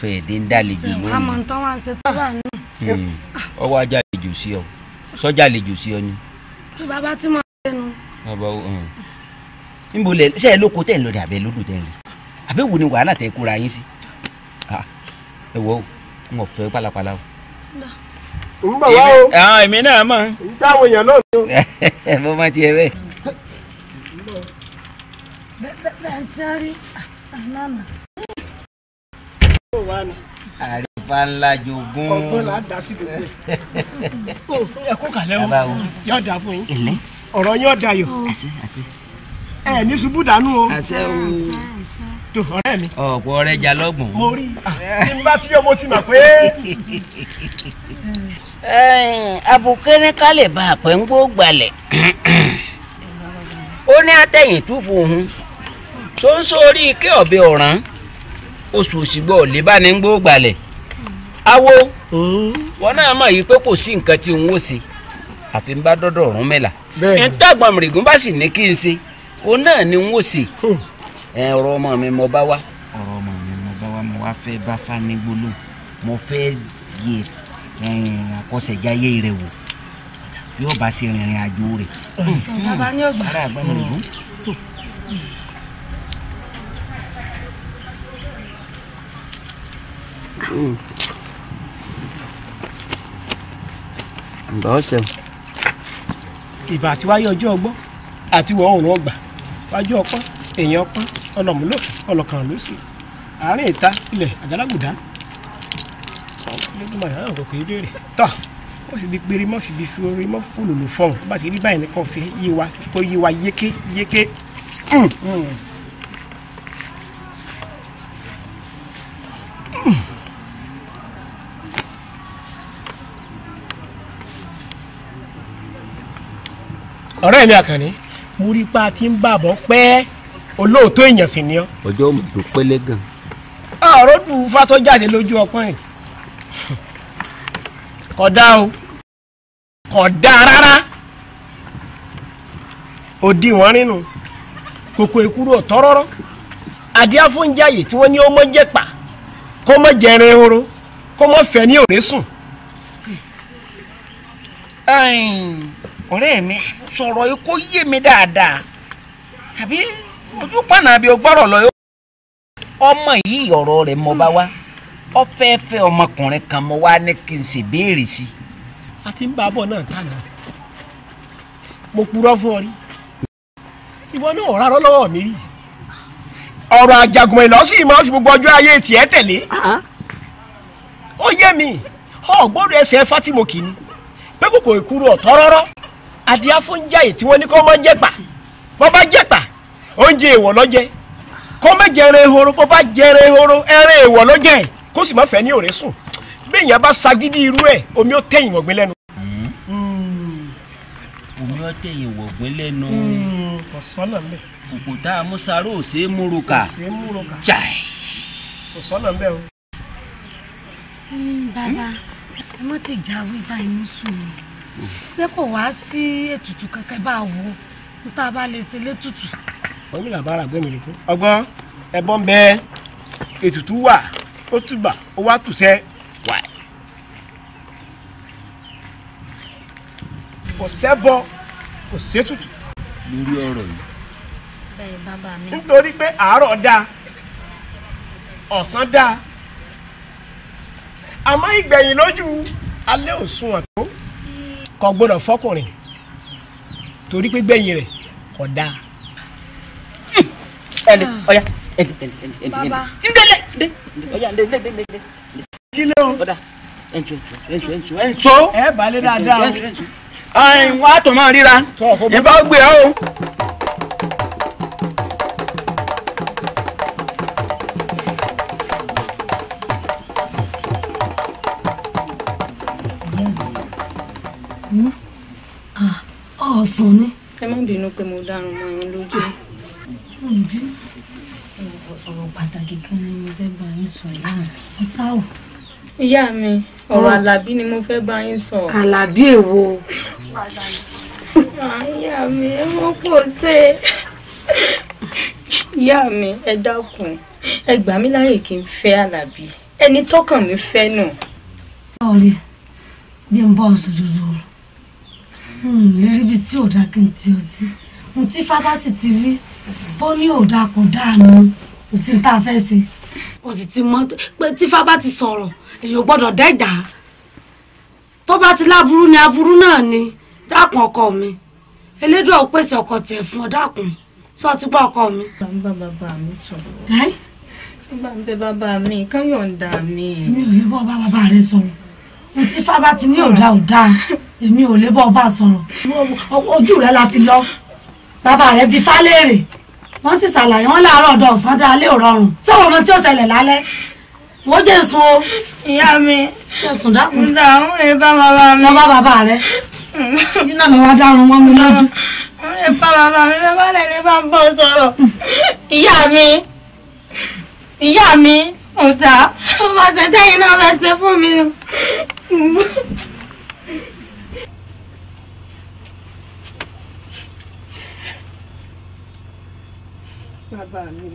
fẹ́ èdè ń dàlejò lónìí. àmọ̀ tán wá ń ṣe tó bá nù. ọwọ́ ajá àlejò sí ọ sọ́jà àlejò sí ọ ni. kí bàbá tí mo ṣe nu. bàbá o níbo lẹ ṣe é lóko tẹ̀ ń lọ dàbẹ́ lódò tẹ̀ ń lọ àbẹ́ wo ni wàhálà tẹ̀ kóra yín sí. ẹ wọ o n ò fẹ́ pálapàla o. n bọ̀ wá o. àwọn èmi náà mọ̀. n táwọn èèyàn náà lò. mo máa tiẹ̀ bẹ́ẹ̀. bẹ́ẹ̀ bẹ́ẹ̀ ń tẹ́rí àná nà àrífà ńlá jogún. ọgbọ́n là á dá sí gbogbo ẹ̀. ẹ kó kàlẹ́ o yóò dà fún yín ọ̀rọ̀ yóò dayọ̀ ẹ ní ṣubú dànù o tó ọ̀rẹ́ mi. ọ̀pọ̀ ọ̀rẹ́ jà lọ́gbọ̀n. mo rí i ah, bá tí ọmọ ti mà pé. àbùké ní ká lè bá àpẹ́ ń gbó gbalẹ̀ ó ní àtẹ̀yìn túfò òun tó ń sórí ike ọ̀bẹ ọ̀ràn oṣù òṣìgbọ́ ò lè bá ní gbó gbalẹ̀ awo hmm. wọn náà mọ̀ yìí pé kò sí nǹkan tí n ó ṣe àfi ń bá dọ́dọ̀ ọ̀rún mẹ́la ẹ̀ńtàgbọ̀n mìrìgún bá sì ní kí n ṣe òun náà ni n ó ṣe hmm. ẹ ọ̀rọ̀ ọmọ mi mo bá wá. ọ̀rọ̀ ọmọ mi mo bá wá mo wá fẹ́ bá fani gbólóhùn mo fẹ́ yẹ àkọsẹ̀jáyé rẹ̀ wò yóò bá ṣe rìnrìn àjò rẹ̀. bàbá ní ọgbà. ara àgbà Mm. ǹbọ̀ ṣeun. ìbà tí wáyé ọjọ́ ọgbọ́n àti ìwọ̀ oòrùn ọgbà wájú ọpọ́n èèyàn ọpọ́n ọlọ́múlò ọlọ́kàn ló sì àárín ìta ilẹ̀ àgálágùdá lójúmọ̀ ìyá náà kò kéé béèrè tọ́ ó sì di péré mọ́ fi fi orí mọ́ fòlòlò fọ́ọ̀n bá ti rí báyìí nìkan fi yé wa kó yé wa yéké yéké. Mm. Mm. ọ̀rẹ́ mi àkànní mo rí ti ń bàbọ̀ pẹ́ olóòótọ́ èèyàn sì ni ọ́. ọjọ́ òmùdó pẹ́lẹ́ gan. ọ̀rọ̀ dùn fatọ́ jáde lójú ọpọ́n yìí kódà o kódà rárá òdi wọn rínu kòkò èkúrò tọ́rọ́rọ́ ní jẹ́ pa kó jẹrin ehoro ní ọ̀rẹ́ mi sọ̀rọ̀ yìí yé mi dáadáa àbí ojú pàànà àbí lọ yóò. ọmọ yìí ọ̀rọ̀ rẹ̀ mọ bá wá ọ fẹ́ ọmọkùnrin kan mọ wá ní kí n sì béèrè sí a ti ń bá a bọ̀ náà mo purọ́ fún ọ rí ìwọ náà lọ́wọ́ mi rí ọ̀rọ̀ àjàgùn ìlọ́sìn máa fi gbogbo ọjọ́ ayé tiẹ̀ tẹ̀lé ó yé mi ọ̀gbọ́dọ̀ ẹsẹ̀ pé kòkòrò ìkúrò adìyá fún jáì tí wọ́n ní kó má jẹ́pà bó bá jẹ́pà oúnjẹ èèwọ̀ ló jẹ kó má jẹrẹ ehoro bó bá jẹrẹ ehoro ẹrẹ èèwọ̀ ló jẹ kó sì má fẹ́ ní òré sùn bẹ́ẹ̀ yẹn bá sagídí irú ẹ̀ omi ó tẹ̀yìn wọ̀gbìn lẹ́nu. Hmm. omi ó tẹ̀yìn wọ̀gbìn lẹ́nu. Hmm, ọ̀sán náà mẹ́. òkúta amúsaró ò ṣeé múru kà. jai. ọ̀sán náà mẹ́ o. Hmm, bàbá ẹ mọ́ ti jáwé báyìí ní sùúrù ṣé kò wá sí ètùtù kankan bá wo níta bá lè ṣe létùtù. wọn nílà bára gbẹmí ni kú. ọgbọ́n ẹbọ ń bẹ ètùtù wà ó túbà ó wá tùsẹ́ wà. kò sẹ́bọ kò sétùtù. lórí ọ̀rọ̀ yìí. bẹ́ẹ̀ bàbá mi. nítorí pé àárọ̀ dáa ọ̀sán dáa àmọ́ ìgbẹ̀yìn lójú alẹ́ òsùn àtó kò gbọ́dọ̀ fọkùnrin torí pé gbẹ̀yìn rẹ̀ kò dáa. ẹni ọya ẹni ẹni ẹni ẹni ẹni ndele ndé ọya ndé ndé ndé ndé. kílé o. ọ̀dà ẹ̀ntu ẹ̀ntu ẹ̀ntu ẹ̀ntu. ẹ balẹ̀ dáadáa o. ẹ̀ntu ẹ̀ntu. àìwá tó máa ríra ìbá gbé ọ o. ọ̀sán ni. ẹ má bínú pé mo dárun mọ́ ah, ẹ lójú. ọ̀rọ̀ pàtàkì kan ni mo fẹ́ bá yín sọ ah. ìyá mi. ọ̀sáwò. ìyá mi ọ̀rọ̀ àlàbí ni mo fẹ́ bá yín sọ. àlàbí èwo. Ah, ìyá mi ẹ mọ́ pò ṣe ìyá mi ẹ dákun ẹ gbà mí láyè kí n fẹ́ àlàbí ẹni tọ́kàn mi fẹ́ náà. sọ́ọ̀rì bí n bọ́ sódòdó lérí hmm, bíi tí ò dá kí n ti o sí ohun tí fábásì ti rí bó ní ò dá kò dáa ni kò sí tá a fẹ́ ṣe mo sì ti mọ̀ pé tí fábá ti sọ̀rọ̀ èèyàn gbọ́dọ̀ dẹ́jà tó bá ti láburú ni aburú náà ni dákun ọkọ mi elédùn ò pèsè ọkọ tiẹ̀ fún ọ dákun sọ ti gbọ́ ọkọ mi. bàbá bàbá mi sọ̀rọ̀ bàbá bẹ bàbá mi káyọ̀ǹda mi. mi ò ní bọ́ bá bàbá rẹ sọ̀rọ̀ ohun tí fábá ti ní ò dá ò dáa èmi ò lè bọ́ ọba sọ̀rọ̀ ojú rẹ̀ la fi lọ bàbá rẹ̀ bí fálẹ́rè wọ́n sì ṣàlàyé wọ́n láàárọ̀ ọ̀dọ̀ ọ̀sán dá lé òrọ̀rùn sọ̀rọ̀ ọmọ tí ó ṣẹlẹ̀ lálẹ́ wọ́n jẹ́ sùn o. ìyá mi jẹ̀sùn dákun. ǹda àwọn èèyàn bá bàbá mi. wọ́n bá bàbá rẹ̀ nínú àwọn adarun wọn mú lọ́dún. ìpa bàbá mi bẹ́ẹ̀ bá lẹ̀ ní bá ń bọ̀ sọ̀rọ̀ ìyá mi ìyá mi ọ̀tá ọmọ àtẹ̀tẹ̀ yìí náà fẹ́ ṣe fún mi. bàbá mi.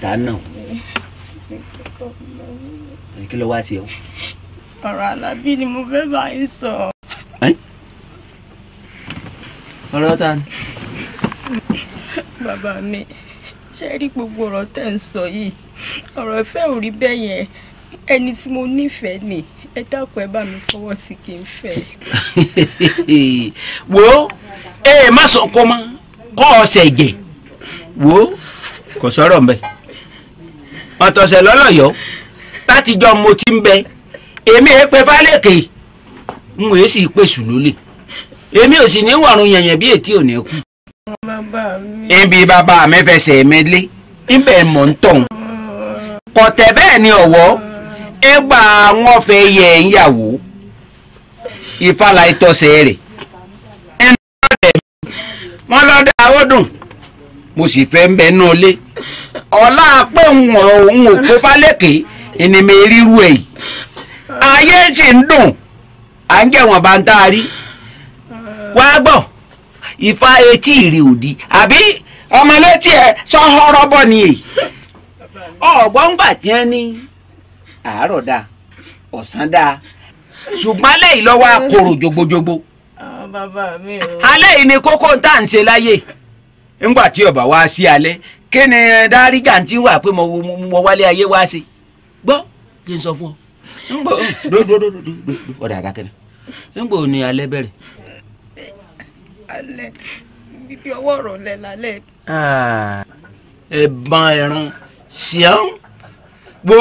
dáná kí ló wá sí o. ọ̀rọ̀ alábí ni mo fẹ́ bá yín sọ. ọ̀rọ̀ ta ni. bàbá mi ṣe rí gbogbo ọ̀rọ̀ tẹ̀ ń sọ yìí ọ̀rọ̀ ìfẹ́ ò ẹni tí mo nífẹ̀ẹ́ ni ẹ dákun ẹ bá mi fọwọ́ sí kí n fẹ́. wo ẹ ẹ má sọ kọ́ mọ́ kọ́ ọ̀sẹ̀ jẹ̀ wo kò sọ̀rọ̀ mbẹ́ ọ̀tọ̀sẹ̀ lọ́lọ́yọ̀ látijọ́ mo ti ń bẹ èmi ẹ pẹ́ fálẹ́kè n ò sì pèsè lólè èmi ò sì ní wàrùn yẹ̀yẹ̀ bí ètí ò ní kú. ibi bàbá mi fẹsẹ̀ mi lé ibẹ̀ mọ̀ ń tọ̀hún kọ̀tẹ̀ bẹ́ẹ̀ ni ọ̀wọ́. ẹgbà wọn fẹ́ yẹ ìyàwó ìfàlà ìtọ́sẹ̀ rẹ̀ ẹnu rẹ̀ wọn lọ́dọ̀ àwọ̀dùn mo sì fẹ́ ń bẹ nú ilé ọ̀la pé òun ò kó fálékè ìnìmẹ̀ ríru ẹ̀ yìí ayé sì ń dùn à ń wá gbọ́ ìfà etí ìrì àbí ẹ ni èyí gbà àárọ̀ dáa ọ̀sán dáa ṣùgbọ́n alẹ́ yìí lọ́wọ́ àkòrò jogbojogbo. bàbá mi o. alẹ́ yìí ni kókó tá à ń ṣe láyè ńgbà tí ọba wá sí alẹ́ kí ni dárígà ti wà pé mo wálé ayé wá sí gbọ́ kí n sọ fún ọ ńgbọ́ dòdòdòdòdò ọ̀dà àdákẹ́rẹ́ ńgbọ́ ni alẹ́ bẹ̀rẹ̀. alẹ́ bíbí ọwọ́ rọ̀ lẹ́ lálẹ́. Ah, ẹ̀bọ̀n ẹ̀rùn ṣíọ́n gbó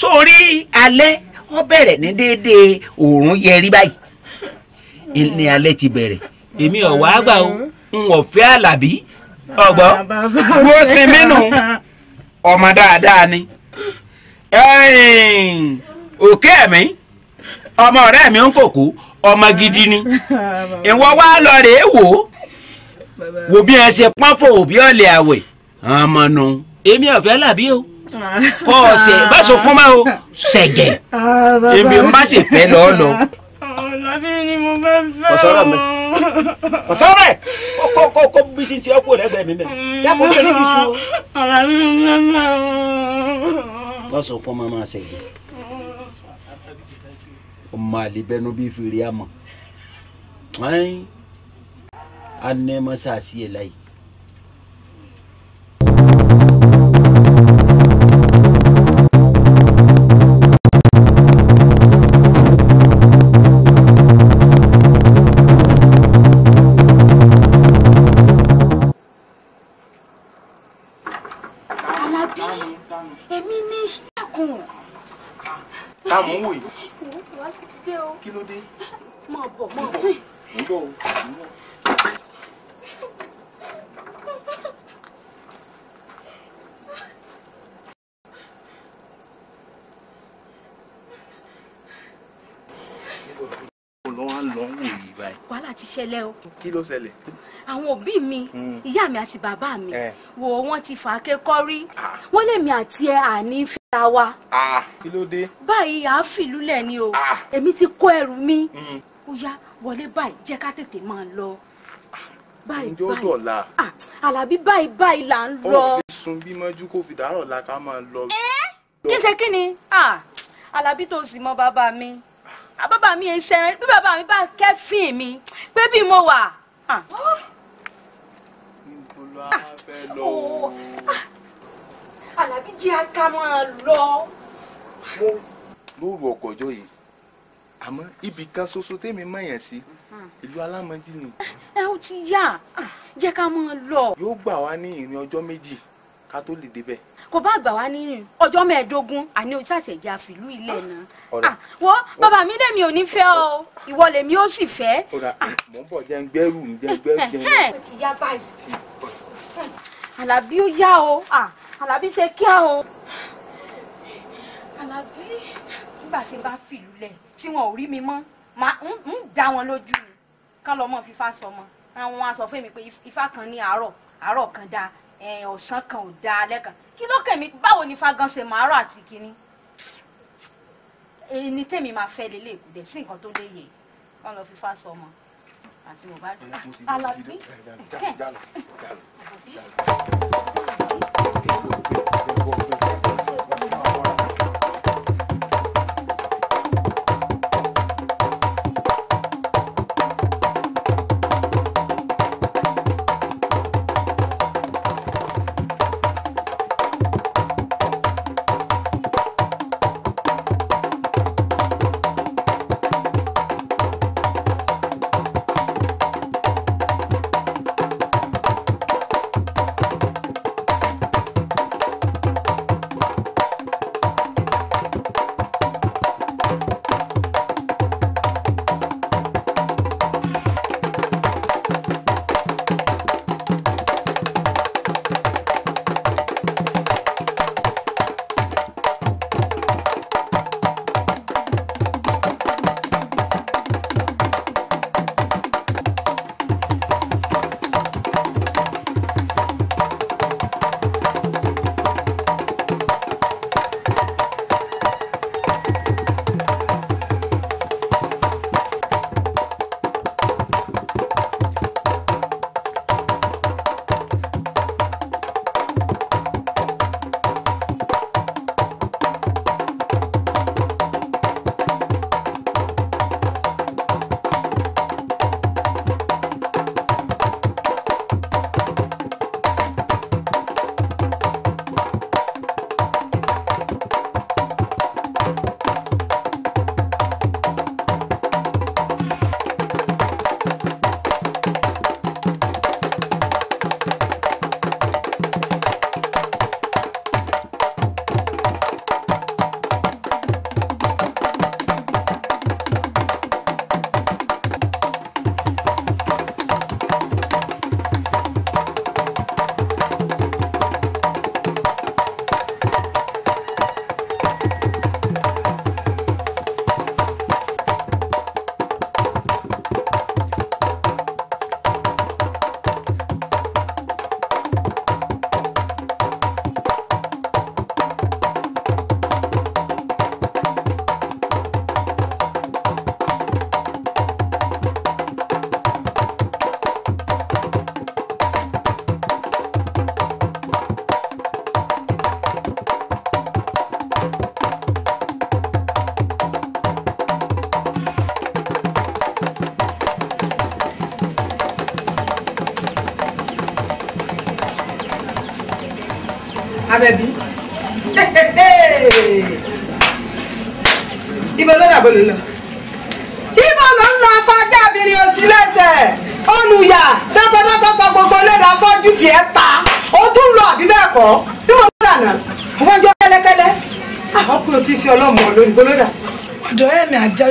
sórí alẹ́ ó bẹ̀rẹ̀ ní déédéé òòrùn yẹrí báyìí ní alẹ́ ti bẹ̀rẹ̀ èmi ò wá gbà ó n ò fẹ́ àlàbí ọgbọ́ wo sinmi nù ọmọ dáadáa ni òkè ẹ̀mí ọmọ ọ̀rẹ́ mi ń kòkó ọmọ gidi ni ìwọ wá lọ rèé wò ó wò bí ẹ ṣe pọ́n fò bí ọ̀lẹ̀ àwẹ̀ ọmọ nù èmi ò làbí o kọ́ ọ̀sẹ̀ bá sọ kún bá o ṣẹ̀gẹ̀ èmi ń bá sì fẹ́ lọ́ lọ. ọ̀làbí ni mo bẹ́ fẹ́ o. ọ̀sọ́rọ̀ mi ọ̀sọ́rọ̀ ẹ̀ kọ́ kọ́ kọ́ bí ti ti ọ́ kú ẹ̀rẹ́gbẹ̀ẹ́ mi mẹ́rin yàtọ̀ ó tẹ̀lé sùn. ọ̀làbí mo bẹ́ fẹ́ o. bá sọ kún máa ṣẹ̀gẹ̀ ọmọ àlebẹnu bíi fèrè àmọ́ anẹ́ mọ́sàásì ẹ̀ láyìí. kùn. tá a mọ̀ ń wò yìí. wàá ti dé o. kí ló dé. mọ bọ mọ bọ. ń bọ o ń bọ. wàhálà ti ṣẹlẹ̀ o. kí ló ṣẹlẹ̀. àwọn òbí mi hmm. ìyá mi àti bàbá mi eh. wo wọ́n ti fà á kékọ́rí ah. wọ́n lèmi àti ẹ àní ta wa. Ah, kí ló dé. báyìí à á fìlúlẹ̀ ni o ah. èmi ti kó ẹrù mi ó mm. yá wọlé báyìí jẹ́ ká tètè máa lọ. báyìí báyìí ah, àlàbí báyìí báyìí là ń lọ. ó lè sun bí mọ́jú kó fi dàárọ̀ la ká máa lọ. Eh? kí ṣe kí ni àlàbí tó sì mọ bàbá mi bàbá mi ẹ sẹ́rẹ́ bí bàbá mi bá kẹ́fìn mi pé bí mo wà. níbo la fẹ́ lọ. Oh, alábí jẹ́ aká máa lọ. mo lóru ọ̀gànjọ́ yìí àmọ́ ibì kan ṣoṣo tèmi mọ̀yàn sí ìlú alámọ̀dí ni. ẹ ó ti yá ah, jẹ́ ká máa lọ. yóò gbà wá ní ìrìn ọjọ́ méjì ká tó lè débẹ̀. kò bá gbà wá ní ìrìn ọjọ́ mẹ́ẹ̀ẹ́dógún àní ojú àtẹ̀jẹ́ àfìlú ilẹ̀ náà. Ah, wo bàbá mi lèmi ò ní fẹ́ o ìwọ lèmi ó sì fẹ́. Ah. mò ń bọ̀ jẹ́ ń gbẹ́rù jẹ́ ń gbẹ́rù jẹ́ ń gbẹ́rù. àlàbí ó yá o. Ah alábí ṣe kíá o alábí nígbà tí bá fìlú lẹ̀ tí wọn ò rí mi mọ́ màá ń dá wọn lójú mi kán lọ́mọ fífa sọmọ àwọn aṣọ fún mi pé ifá kan ní àárọ̀ àárọ̀ kan dáa ọ̀sán kan ò dáa alẹ́ kan kí lọ́kàn mi báwo ni fagan ṣe máa rọ̀ àti kínní ẹni tèmi máa fẹ́ lélẹ̀ kù dẹ̀ sí nǹkan tó léye wọn lọ fi sọ ọmọ àti mo bá dùn. alábí. Okay.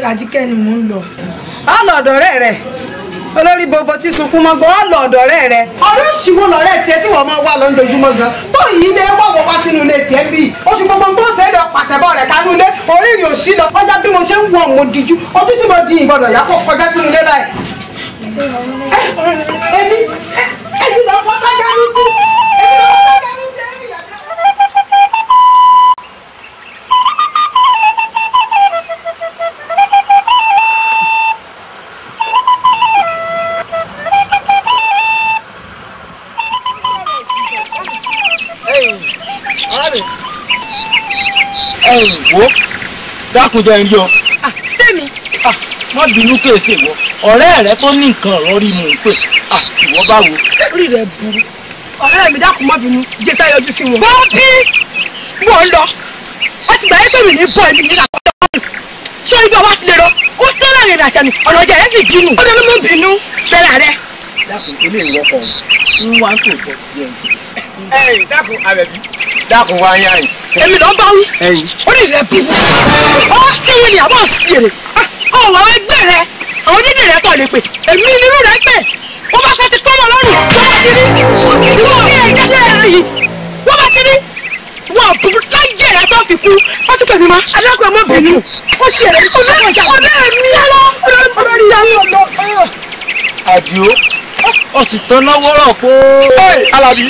àjíkẹ́ ni mò ń lọ. á lọ ọ̀dọ̀ ọ̀rẹ́ olórí bobo tí sunkún mọ́ gan ọ̀lọ́ ọ̀dọ̀ ọ̀rẹ́ rẹ̀ ọ̀rẹ́ òṣìwò lọ́rẹ́ tiẹ̀ tí wọ́n máa wà lọ́ndọ̀júmọ́ gan tó yìí ilé wọ̀wọ̀ wá sínú ilé tiẹ̀ bíi oṣù gbogbo tó ń sẹ́yìn lọ pàtẹ́bọ̀ rẹ̀ kánú ilé orí ìrìn òṣì lọ kọjá bí mo ṣe ń wọ̀ mo dijú ojú tí mo di ìgbọ̀dọ̀ yà kó kọjá sínú ilé báyìí dákunjẹ ń rí o. sẹ́mi. má bínú kéèsè wọ ọ̀rẹ́ rẹ tó ní nǹkan ọ̀rọ̀ rí mu pé ìwọ bá wo. orí rẹ burú ọ̀rẹ́ mi dákun má bínú jésà yọjú sí wọn. wọ́n bí mò ń lọ wọ́n ti gbà yẹ́ pé mi ní bọ́ ẹ̀mí nígbà tó wà nù. sọ ibi ọwọ́ ti lè rọ ó tẹ́lẹ̀ rìn àtẹnu ọ̀nà ọjà rẹ sì dínú. ó dẹnu mú bínú bẹ́ẹ̀ rẹ. dákun ilé ìwọ́pọ̀ ń wá ń tò bọ́ sí ẹ̀ ẹyìn dákun àbẹ̀bí dákun wá èmi lọ bá wí. ẹyìn. ó lè rẹ bí. ọ síwì ni àbọ̀ sí èrè. ọ ah, wà wọ ẹgbẹ́ rẹ àwọn onídìí rẹ tọ̀ lè pè èmi nínú rẹ pè ó bá fẹ́ ti tọ́ mọ lọ́rùn tó bá ti rí ìwọ ní ẹ̀jẹ̀ rẹ yìí wọ́n bá ti rí wọ́n bùrù láyé rẹ tó fi kú wọ́n ti pè mí ma adákùn ẹ̀ mọ́ bẹ̀rù ó ṣe rẹ̀ ó lè ó sì tán lọ́wọ́rọ̀ pé. Alábí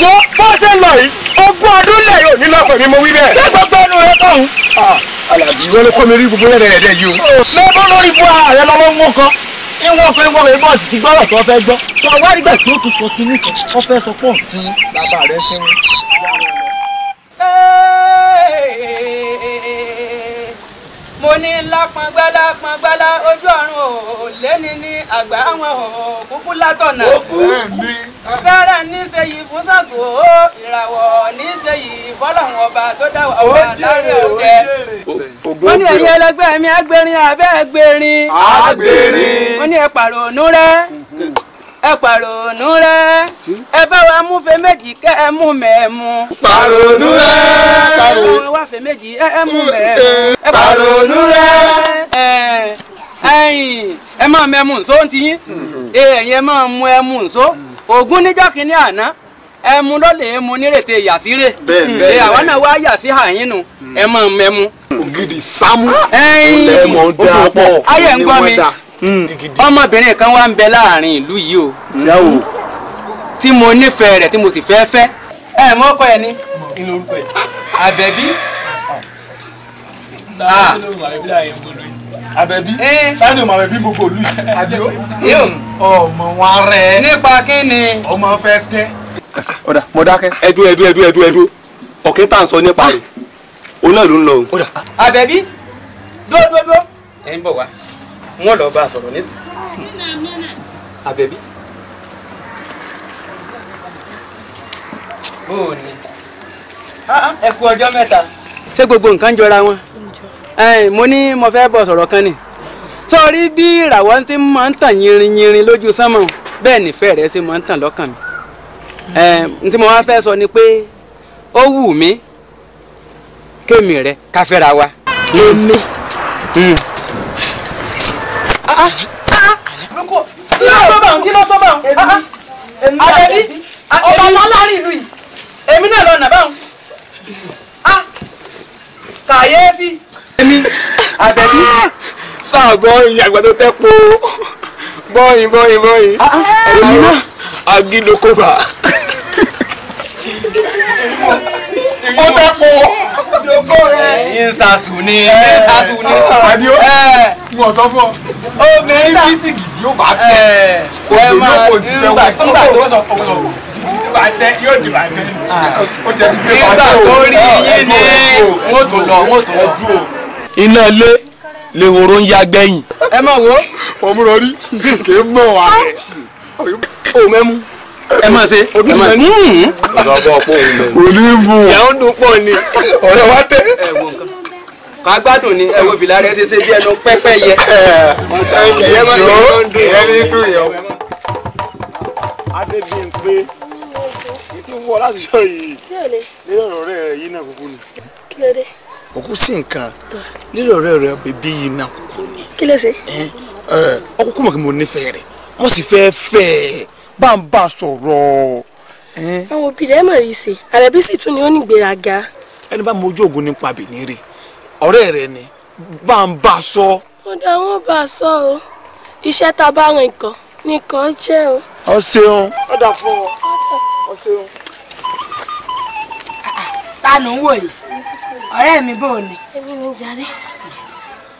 wo bó ṣe lọ yìí ogún ọdún lẹ̀ yóò ní lọ́kàn ni mo wí bẹ́ẹ̀. ṣé gbogbo ẹnu rẹ tọ̀hún. Ah, Alábí wọn ló kọ́ mi rí gbogbo rẹ̀ rẹ̀ rẹ̀ yìí o. lọ́bọ̀ lórí bu ààrẹ lọ́wọ́ ń wọ́n kan ìwọ̀n kan ìwọ̀n rẹ̀ bọ́ọ̀sì ti gbọ́rọ̀ tó fẹ́ gbọ́. sọ wá nígbà tó tún sọ kínní kan ó fẹ́ sọ pọ̀ sí bàbá rẹ̀ sẹ́wọ̀n. mo ní lápọngbálá pọngbálá ojú ọ̀run ò lẹ́ni ní àgbà àwọn òkúkú látọ̀nà sára níṣe yìí fún Ṣàngó ìràwọ̀ níṣe yìí fọ́lọ́hún ọba tó dá wà láàrin ọ̀dẹ. mo ní ẹ̀yin ẹlẹgbẹ́ mi agbérin abẹ́ gbérin. agbérin. mo ní ẹ pàrọ̀ rẹ. Mhm. ẹ pàrònú rẹ ẹ bá wa mú fe méjì kẹ ẹ mú mẹ́ẹ̀mú. pàrònú rẹ ẹ wá fe méjì ẹ mú mẹ́ẹ̀mú. pàrònú rẹ ẹyìn ẹ máa mẹ́mú nsó ti yín hmm. ẹ̀yìn ẹ máa mú ẹmú nsó ògún níjọ́ kínní àná ẹmu ló lè mu nírètè yàsírè ẹ hmm. àwọn náà wá yàsí àyínú hmm. ẹ máa mẹ́mú. ògidì sámú ọlẹ́mọ̀ dáa pọ̀ ayé ń gbọ́ mi. Hmm. ọmọbìnrin kan wá ń bẹ láàrin ìlú yìí o tí mo nífẹ̀ẹ́ rẹ̀ tí mo sì fẹ́ fẹ́ ẹ mọ ọkọ ẹ ní àbẹ̀bí ah. Ah. àbẹ̀bí sáyẹn eh. ọmọ àbẹ̀bí gbogbo olú yìí àdìo ọmọ wọn rẹ nípa kí ni ọmọ fẹ́ tẹ́. ọ̀dà mo dákẹ́. ẹdú ẹdú ẹdú ẹdú ẹdú ọ̀kẹ́ tá à ń sọ nípa rẹ̀ òun náà ló ń lọ o. àbẹ̀bí dúró dúró dúró ẹ̀ ń bọ̀ wá. wọ́n lọ bá sọ̀rọ̀ nísìn àbẹ̀bí. Ah, bóò ni ah, ẹ kú ọjọ́ mẹ́ta. ṣé gbogbo nǹkan jọra wọn mo ni mo fẹ́ bọ̀ kan ni sọrí bí ìràwọ̀ ti máa ń tàn yinrin yinrin lójú sánmọ̀ bẹ́ẹ̀ nífẹ̀ẹ́ rẹ̀ ṣe máa ń tàn mi n tí mo wá fẹ́ sọ ni pé ó wù mí kémi rẹ káfẹ́ra wa. èmi. Mm. kí ló tó báwọn kí ló tó báwọn ah, ah. àdẹ̀bí ọba sáláàrin ìlú yìí èmi náà lọ nà báwọn ah. kàyééfì. èmi àdẹ̀bí sáàgọ́ ìyá àgbàdo tẹ́ po bọ́yìn bọ́yìn bọ́yìn èmi náà agídókòbà ó tẹ́ po ìjókòó rẹ̀. ìsàsù ni ìsàsù ni. àdìo mo sọ fún ọ ní bísíkì tí ó bá tẹ odò yóò kó ti fẹ́ wọ. nígbà tó sọ fún ọ bá tẹ yóò di bá tẹ. Ah. nígbà tó rí ah, yín ni wọ́n tún lọ wọ́n tún lọ. iná ilé lèhoro ń ya gbẹ̀yìn. ẹ máa wo. ọmọ rẹ rí kì í mọ̀ wá. òun mẹ́mú ẹ máa ṣe ẹ máa ní ọ̀sọ̀bọ̀ pọ̀ ní. onímù ìyàwó dùn pọ̀ ni ọ̀rọ̀ wa tẹ́. ká gbádùn ni ẹ̀wọ̀n fìlà rẹ̀ ṣe ṣe bí ẹnu pẹ́pẹ́ yẹ. ìyẹn máa ń dùn ìyẹn ní dùn yọ. adébíyẹn pé tí wọ́n láti sọ yìí lórí ọ̀rẹ́ rẹ̀ yìí náà kúkú ni. kí ló dé. òkú sí nǹkan lórí ọ̀rẹ́ rẹ̀ bèbí yìí náà kúkú ni. kí ọkùnkùn mọ̀ kí mo nífẹ̀ẹ́ rẹ̀ wọ́n sì fẹ́ fẹ́ bá ń bá a sọ̀rọ̀. àwọn òbí rẹ̀ mọ̀ rí sí àrẹ̀bí sì tún ni ó ní ìgbéraga. ẹni bá mojú ògùn nípa bìnní rè ọ̀rẹ́ rẹ̀ ni bá ń bá sọ. mo dá wọn bá a sọ o iṣẹ́ tá bá rìn kan ní kan jẹ́ o. ọ ṣeun. ó dà fún ọ ọ ṣeun. ta ló ń wò yìí ọ̀rẹ́ mi bò ní. èmi ni jàre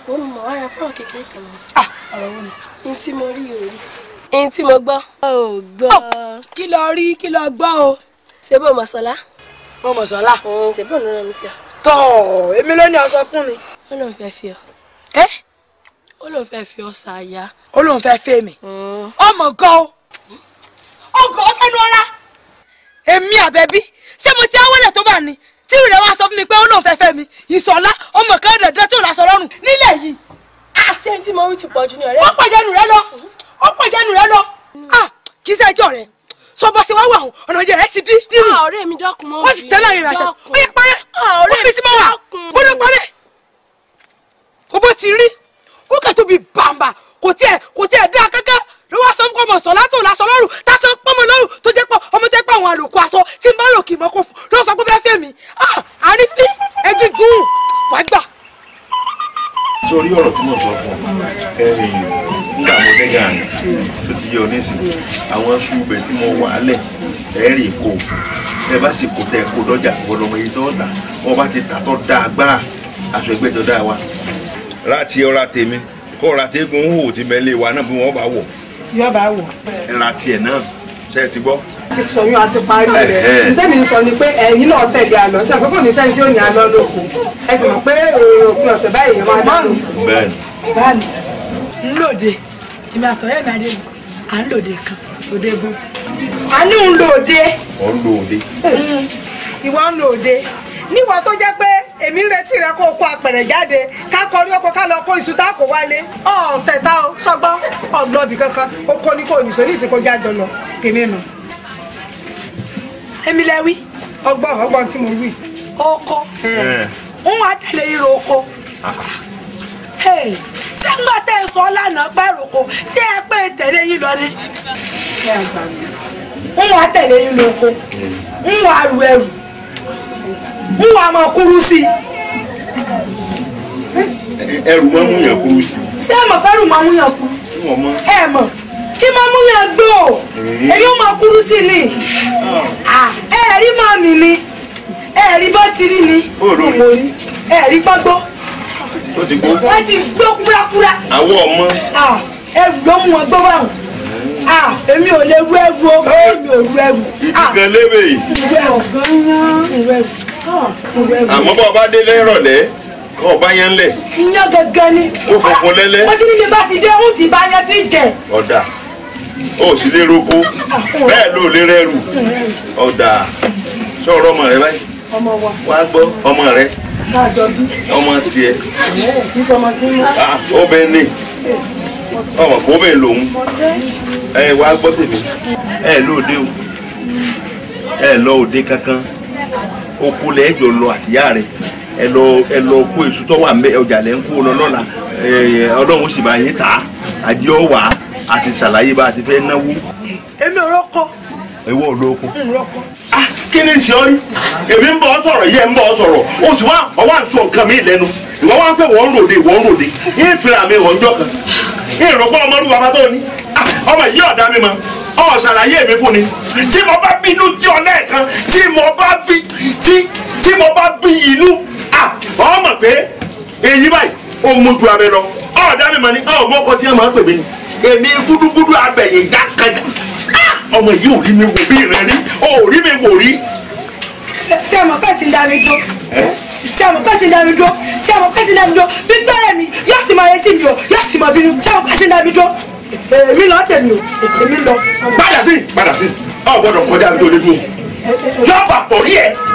mo mọ̀ ọ́ ra fọ́ọ̀n kékeré kan. Ah, ọ̀rọ̀ wo ni. ní tí mo rí òòrì ẹni tí mo gbọ́. ó gbọ́. Oh, kí lọ rí kí lọ gbọ́ o. ṣebó mọ̀sọ́lá. mo mọ̀sọ́lá. ṣebó ló rán mi sí ọ. tọ́ èmi ló ní ọsọ fún mi. ó lóun fẹ́ fi ọ. ẹ́ ó lóun fẹ́ fi ọ ṣàyà. ó lóun fẹ́ fẹ́ mi. ọmọ gan o ọgọ ọfẹnu ọlá èmi àbẹ̀bí ṣé mo ti áwọlẹ̀ tó bá ní tí ìrẹ̀ wa sọ fún mi pé ó lóun fẹ́ fẹ́ mi ìsọ̀lá ọmọ kan dandan tó lásọ lọ́rùn nílẹ̀ yìí. àṣẹ ah, tí mo wí ti pọ̀jù ní ọ̀rẹ́ mi. wọ́n pàjẹ́ nù rẹ lọ ó pọ̀ ìjánu rẹ lọ hmm. ah, kì í ṣe ẹjọ́ rẹ sọ bọ́ sí wá wà ọ̀nà ìjẹ́ rẹ ti dí dírù. Ah, ọ̀rẹ́ mi dọ́kun mọ́ òbí dọ́kun ó yẹ parẹ́ ah, ọ̀rẹ́ mi ti mọ́ wà gbọ́dọ̀ parẹ́ o bó ti rí ó kà tóbi bàǹbà kò tiẹ̀ kò tiẹ̀ dá kankan ló wá sọ fún ọmọ sọ látò lásọ lọ́rùn tásọ pọ́nmọ lọ́rùn tó jẹ́ pọ̀ ọmọ jẹ́ pọ̀ àwọn àlòkù aṣọ tí ń bá lòkì mọ́ kó ló sọ pé fẹ́ fẹ́ mi àrífín ẹgbẹ́gun wàá gbà sórí ọ̀rọ̀ tí mo sọ fún ẹ nígbà mo dé gàánì tó ti yẹ ọ nísìn àwọn ṣùgbẹ́ tí mo wà á lẹ̀ ẹ rí ẹ bá sì kó tẹ kó dọ́jà gbọdọ̀mọ èyí tó tà wọn bá ti tà tó dá agbára aṣọ ẹgbẹ́ tó dá wa. láti ọ̀ra tèmi kó ọ̀ra tẹ́gùn hò tí mẹ́lẹ̀ wa náà bí wọ́n bá wọ̀. yóò wọ̀. ẹ ra tiẹ̀ náà ṣe é ti gbọ́ ti sọyún àti parí rẹ̀ ntẹ́mi sọ ni pé ẹ̀yin náà tẹ̀lé àlọ́ sí àpò kò ní sẹ́ni tí ò ní àlọ́ lóko ẹ sì mọ̀ pé eh, òpin ọ̀sẹ̀ báyìí yẹn máa dárò. bẹ́ẹ̀ni báàmì ńlòdè èmi àtọ̀rẹ́ mi adé mi à ń lòdè kan òde gun à ní ń lòdè. ọ̀ eh, ń lòdè. ìwọ ń lòdè níwọ tó jẹ́ pé èmi ń retí rẹ kó o kó apẹ̀rẹ̀ jáde ká kọrí oko ká lọ kó iṣu tá a kó wálé ọ̀ tẹ̀ta o sọgbọ́n ọ̀gbọ́n bì kankan o kò ní kò ní sọ ní ìsìnkú jájọ lọ kèmí èmi lẹ wí. ọgbọ́n ọgbọ́n tí mo wí. oko òun àtẹlẹ ìrò oko ṣé ńgbà tẹ ẹ sọ lánàá pẹ̀rùkù ṣé ẹ pé tẹ̀lé yín lọ ni. ń wà tẹ̀lé yín lóko ń wà rù ẹrù ń wà mọ kúrú sí i. ẹrù máa ń múyàn kúrú sí i. ṣé ẹ mọ̀ fẹ́rù máa ń múyàn kúrú. ẹ mọ̀ kí máa mú yàn gbó èyí ó máa kúrú sí ni ẹ̀rí máa mì ni ẹ̀rí bá ti rí ni ẹ̀rí gbọ́gbọ́ ẹ ti gbọ́ kúrakúra àwọn ọmọ ah, ẹ gbọ́ mu wọn gbọ́ báwọn ah, èmi ò lè wú ẹrù o èmi ò wú ẹrù. ìdìgàn ah, lébè yìí. ìwé ẹrù ìwé ẹrù. àmọ́ bá ọba délé ìrọ̀lẹ́ kọ́ ọba yẹn ń lẹ̀. iyán gangan ni. ó funfun lẹ́lẹ́. ó sì ní bí bá ti dé ó ti bá ti jẹ. ọ̀dà ó sì lè roko bẹ́ẹ̀ ló lè rẹ́rù ọ̀dà sọ̀rọ̀ ọmọ rẹ báyìí wá gbọ́ ọmọ rẹ ọmọ tiẹ̀ ah, obìnrin ni ọmọ kò bẹ́ẹ̀ lòun ẹ wá gbọ́ tèmi ẹ lóde o ẹ lọ òde kankan oko lẹ́ẹ̀jọ lọ àtìyá rẹ ẹ lọ ẹ lọ kó èso tó wà ọjà lẹ́ ń kó lọ lọ́la ọlọ́run ó sì bá yín tà á àdìọ́ a ti ṣàlàyé bá a ti fẹ́ náwó. èmi ò rọ́kọ. ìwọ ò lóko. n rọ́kọ. Ah, kí ni ṣe ọ́ yìí èmi ń bọ̀ ọ́ sọ̀rọ̀ yẹ́ ń bọ̀ ọ́ sọ̀rọ̀ o sì wá ọwọ́ à ń sọ nǹkan mi lẹ́nu ìwọ wá ń pè wọ́n ròde wọ́n ròde yín fira mi wọ́n jọ kan yín rògbọ́ ọmọ ọdún bàbá tó ní ah, ọmọ yìí ọ̀dà mi mọ́ ọ ṣàlàyé mi fún ni tí mo bá bínú tí ọ lẹ́ẹ̀kan tí mo bá bí tí tí mo bá bí inú ah, ọmọ pé èyí báyìí ó mú ju abẹ lọ ọ̀dà mi mọ́ ni ọmọ ọkọ tí ẹ máa ń pè mí ni èmi gúdúgúdú abẹ̀yìn jákèjá ah! ọmọ yìí ò rí mi wò bí ìrìn rí ò rí mi wò rí. ṣé ọmọ pẹ́ ti ń dá mi dó ṣé ọmọ pẹ́ ti ń dá mi dó ṣé ọmọ pẹ́ ti ń dá mi dó bí gbẹ́rẹ́ mi yóò sì máa retí mi o yóò sì máa bínú ṣé ọmọ pẹ́ ti ń dá mi dó èmi lọ tèmi o èmi lọ. padà sí padà sí o gbọ́dọ̀ kọjá mi tó lé dùn yọ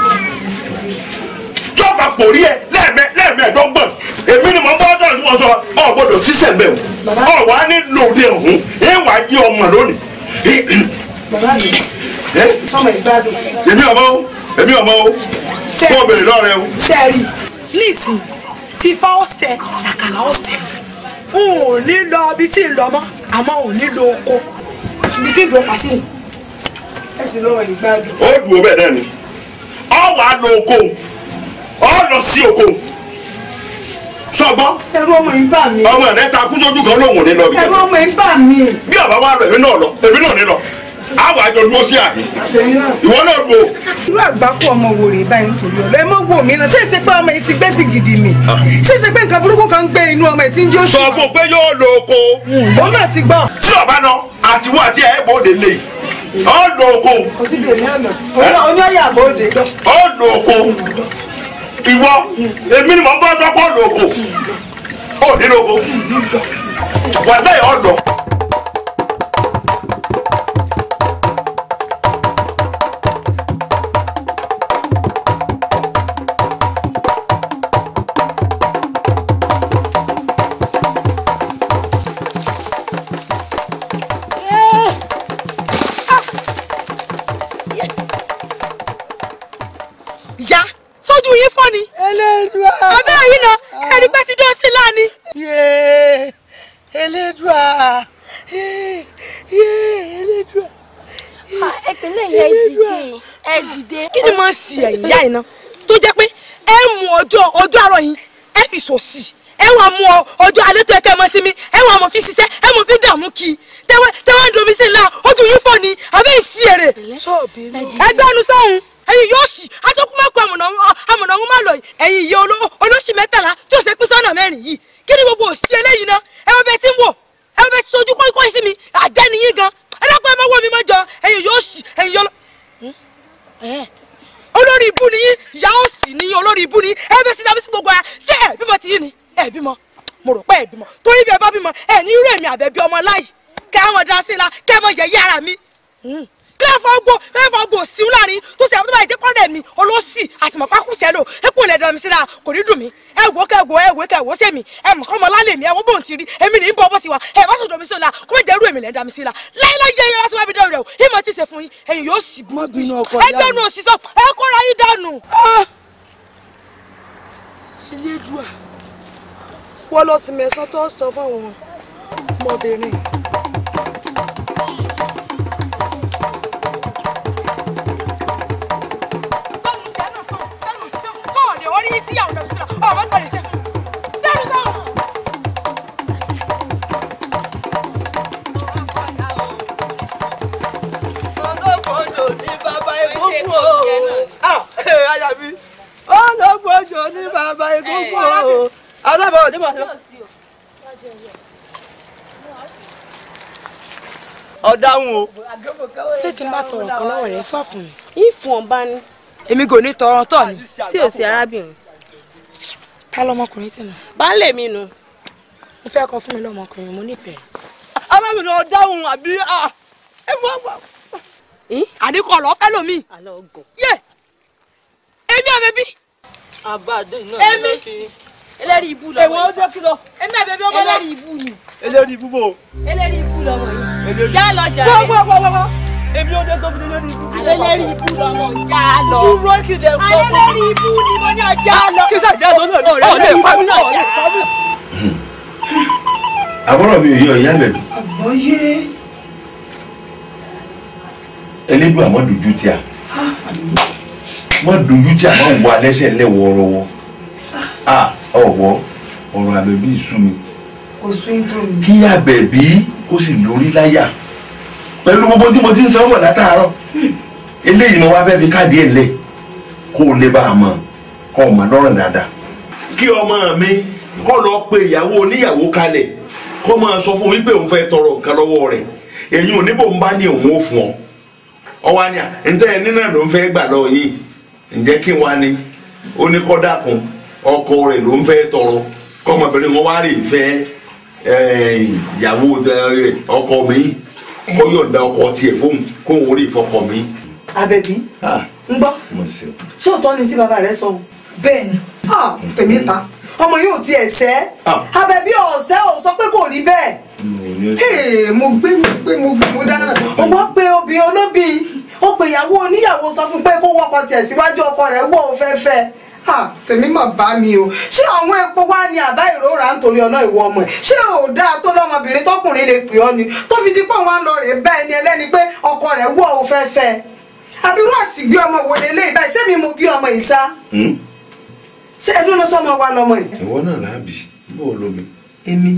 jọba pòrí ẹ lẹ́ẹ̀mẹ lẹ́ẹ̀mẹ́ẹ̀dọ́gbọ̀n èmi ni mo ń bọ́ ọ́tọ̀ tí mo sọ ọ gbọ́dọ̀ sísẹ̀ mbẹ́ o ọ wà á ní lòdì ọ̀hún ẹ wà á jí ọmọ lónìí. èmi ọmọ o èmi ọmọ o kó o béèrè lọ́rẹ́ o. sẹ́ẹ̀rì níìsì tí ifá ọ̀sẹ̀ làkàlà ọ̀sẹ̀ n ò ní lọ ibi tí ì lọ mọ́ àmọ́ ò ní lọ oko ibi tí ìdùn pàṣẹ ẹ ti lọ́wọ́ ìgbàdùn. ó dùn ó bẹ̀ dẹ́ni ọ̀ wàá lọ oko ọ lọ sí oko sọgbọ. ẹrú ọmọ yìí bà mí. ọmọ rẹ ta kúndójú kan lóhùn ní lọ ẹrú ọmọ yìí bà mí. bí ọba wa lọ èmi náà lọ èmi náà ní lọ àwọn àjọ dúró sí àná ìwọ náà dúró. irú àgbákò ọmọ wò rè báyìí nítorí ọ̀rọ̀ ẹ mọ̀ wò mí náà ṣèṣe pé ọmọ yìí ti gbé sí gidi mi ṣèṣe pé nǹkan burúkú kan ń gbé inú ọmọ yìí tí ń jó ṣùgbọ́n. sọ fún pé yóò lo oko. ó mà ti gbọ́. tí ọba náà àtiwọ́ àti ẹ̀ bòde lè ó lo oko. kò sí bèmí ọ̀nà oní ìwọ èmi ni mò ń bọ́ tọ́pọ̀ lóko ò ní lóko wàá sẹ́yìn ọ̀dọ̀. dàmí sí la láíláí jẹ́ yẹn wá síwájú dẹ́rù rẹ̀ o ìmọ̀ tí ì ṣe fún yín ẹ̀yin yóò sì bú ẹgbẹ́ nu òsì ẹ kóra yín dànù. ilédùá ah! wọ́n lọ sí mẹ́sàn-án tó sọ fún àwọn ọmọbìnrin yìí. ọ̀dáhùn o. ṣé tí n tọrọ kan lọ́wọ́ rẹ sọ fún mi. ìfún ọba ni. èmi kò ní tọrọ tọ ni. sí òsì arábìnrin. ta lọmọkùnrin sínú. baálé mi nu. mo fẹ́ kọ fún mi lọmọkùnrin mo nífẹ̀ẹ́. arábìnrin ọ̀dáhùn àbí ẹ mọ àgbà. àdínkù ọ̀lọ́ fẹ́ lómi. yé èmi àbẹ̀bí. àbáàdé náà ló ń kí ẹlẹ́rìí ibú lọ́wọ́ ẹ̀wọ̀n ó dé kí lọ. èmi àbẹ̀bí ọmọ ẹlẹ́rìí ibú ni. ẹlẹ́rìí ibú bò. ẹlẹ́rìí ibú lọ́mọ yìí já lọ jà rẹ̀. wọ́n wọ́n wọ́n wọ́n èmi ò dé tó fi lórí ibú. alẹ́lẹ́rí ibú ni mo ní ọjà lọ. kí sà já lọ náà ní ọ̀rẹ́ ọ̀rẹ́ ìpamọ́ náà ọ̀rẹ́ ìpamọ́. àbúrò mi ò yọ ìyá rẹ̀ dùn. àbọ̀yé. elédùn àmọ́ dùjú tíà ah, mọ́ dùjú tíà mọ́ wà lẹ́sẹ̀ lẹ́wọ̀ọ́rọ́wọ́ ah, ọ̀wọ́ ọ̀rọ̀ àbẹ̀bí ìsú mi. kí àbẹ̀bí kó sì lórí láyà pẹ̀lú gbogbo tí mo ti ń sanwó látàárọ̀ eléyìí mo wá fẹ́ fi káàdì ẹ̀ lẹ̀ kó o lè bá a mọ̀ kó o mọ̀ lọ́rùn dáadáa. kí ọmọ mi kọ́ lọ pe ìyàwó oníyàwó kalẹ̀ kó máa sọ òun fẹ́ tọrọ nǹkan rẹ̀ èyí ò ní bò ń ní òun fún ọ ìyàwó eh, ọkọ mi kó yọ̀ǹda ọkọ tiẹ̀ fóun kóun orí ìfọkọ mi. Àbẹ̀bí ń gbọ́ ṣé òótọ́ ni tí bàbá rẹ sọ bẹ́ẹ̀ ni tèmi ta ọmọ yóò ti ẹ̀sẹ́ Àbẹ̀bí ọ̀sẹ́ ò sọ pé kò rí bẹ́ẹ̀ mo gbé mo gbé mo gbé mo dáná mo wá pé obìnrin olóbìn ó pè ìyàwó oníyàwó sọ fún pé kó wọ́pọ̀ tiẹ̀ síwájú ọkọ rẹ̀ wọ́ òfẹ́fẹ́ tèmi mọ̀ bá mi o ṣé àwọn epo wá ní àbá ìrora nítorí ọ̀nà ìwọ ọmọ ẹ̀ ṣé ò dáa tó lọ́mọbìnrin tọkùnrin lè pè ọ́ ni tó fi di pé wọ́n á lọ rè bá ẹni ẹlẹ́ni pé ọkọ rẹ̀ wọ́ ọ fẹ́fẹ́ àbírú àsìgbé ọmọ wo lè lé ìbá ẹ̀ sẹ́mi mo bí ọmọ yìí sá hmm? ṣé ẹ ló lọ sọmọ wa lọmọ yìí. ìwọ náà láàbì bó o lomi. èmi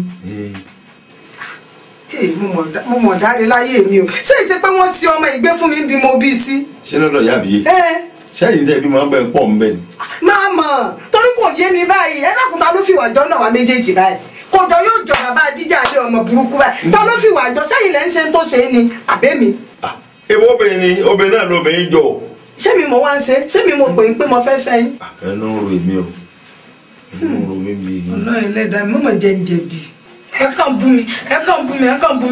hmm. mo mọ̀ dáre láyé mi o ṣé ìṣe pé wọ́n ṣe ọmọ ìgbé fún mi bí mo bí sí. ṣé lọ́dọ̀ yàbí. ẹ sẹ́yìn tẹ́ bí máa ń bẹ̀ pọ̀ ń bẹ̀ ni. máa mọ̀ torí mi báyìí ẹ dákun ta ló fi wàjọ náà wá méjèèjì báyìí kòjọ yóò jọ bàbá jíjà lé ọmọ burúkú báyìí ta ló fi wàjọ sẹ́yìn lẹ́ ń ṣe tó ṣe é ni àbẹ́mi. ibo ah, jọ. ṣé mi wá ń ṣe ṣé mi pé mo fẹ́ fẹ́ yín. Ah, ẹ kàn bú mi ẹ kàn bú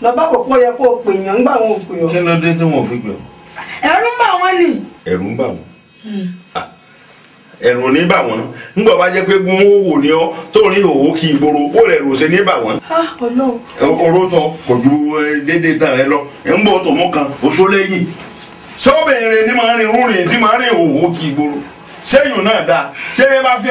lọ bá kò pọ̀ yẹ kó o pè yàn ńgbà wọn ò pè ọ́. kí ló dé wọn ò fi gbẹ. ẹ̀rù ń bà wọ́n ni. ẹ̀rù ń bà wọ́n hmm. ah, ẹ̀rù ní bà wọ́n jẹ́ pé owó ni ọ́ tó rí owó kí ìgboro ó rẹ̀ rò ṣe ní bà wọ́n. tọ ah, kò ju eh, rẹ lọ ń bọ̀ tó mú kan ni màá rin rúrin tí màá rin kí ìgboro sẹ́yìn náà dáa ṣé ẹ bá fi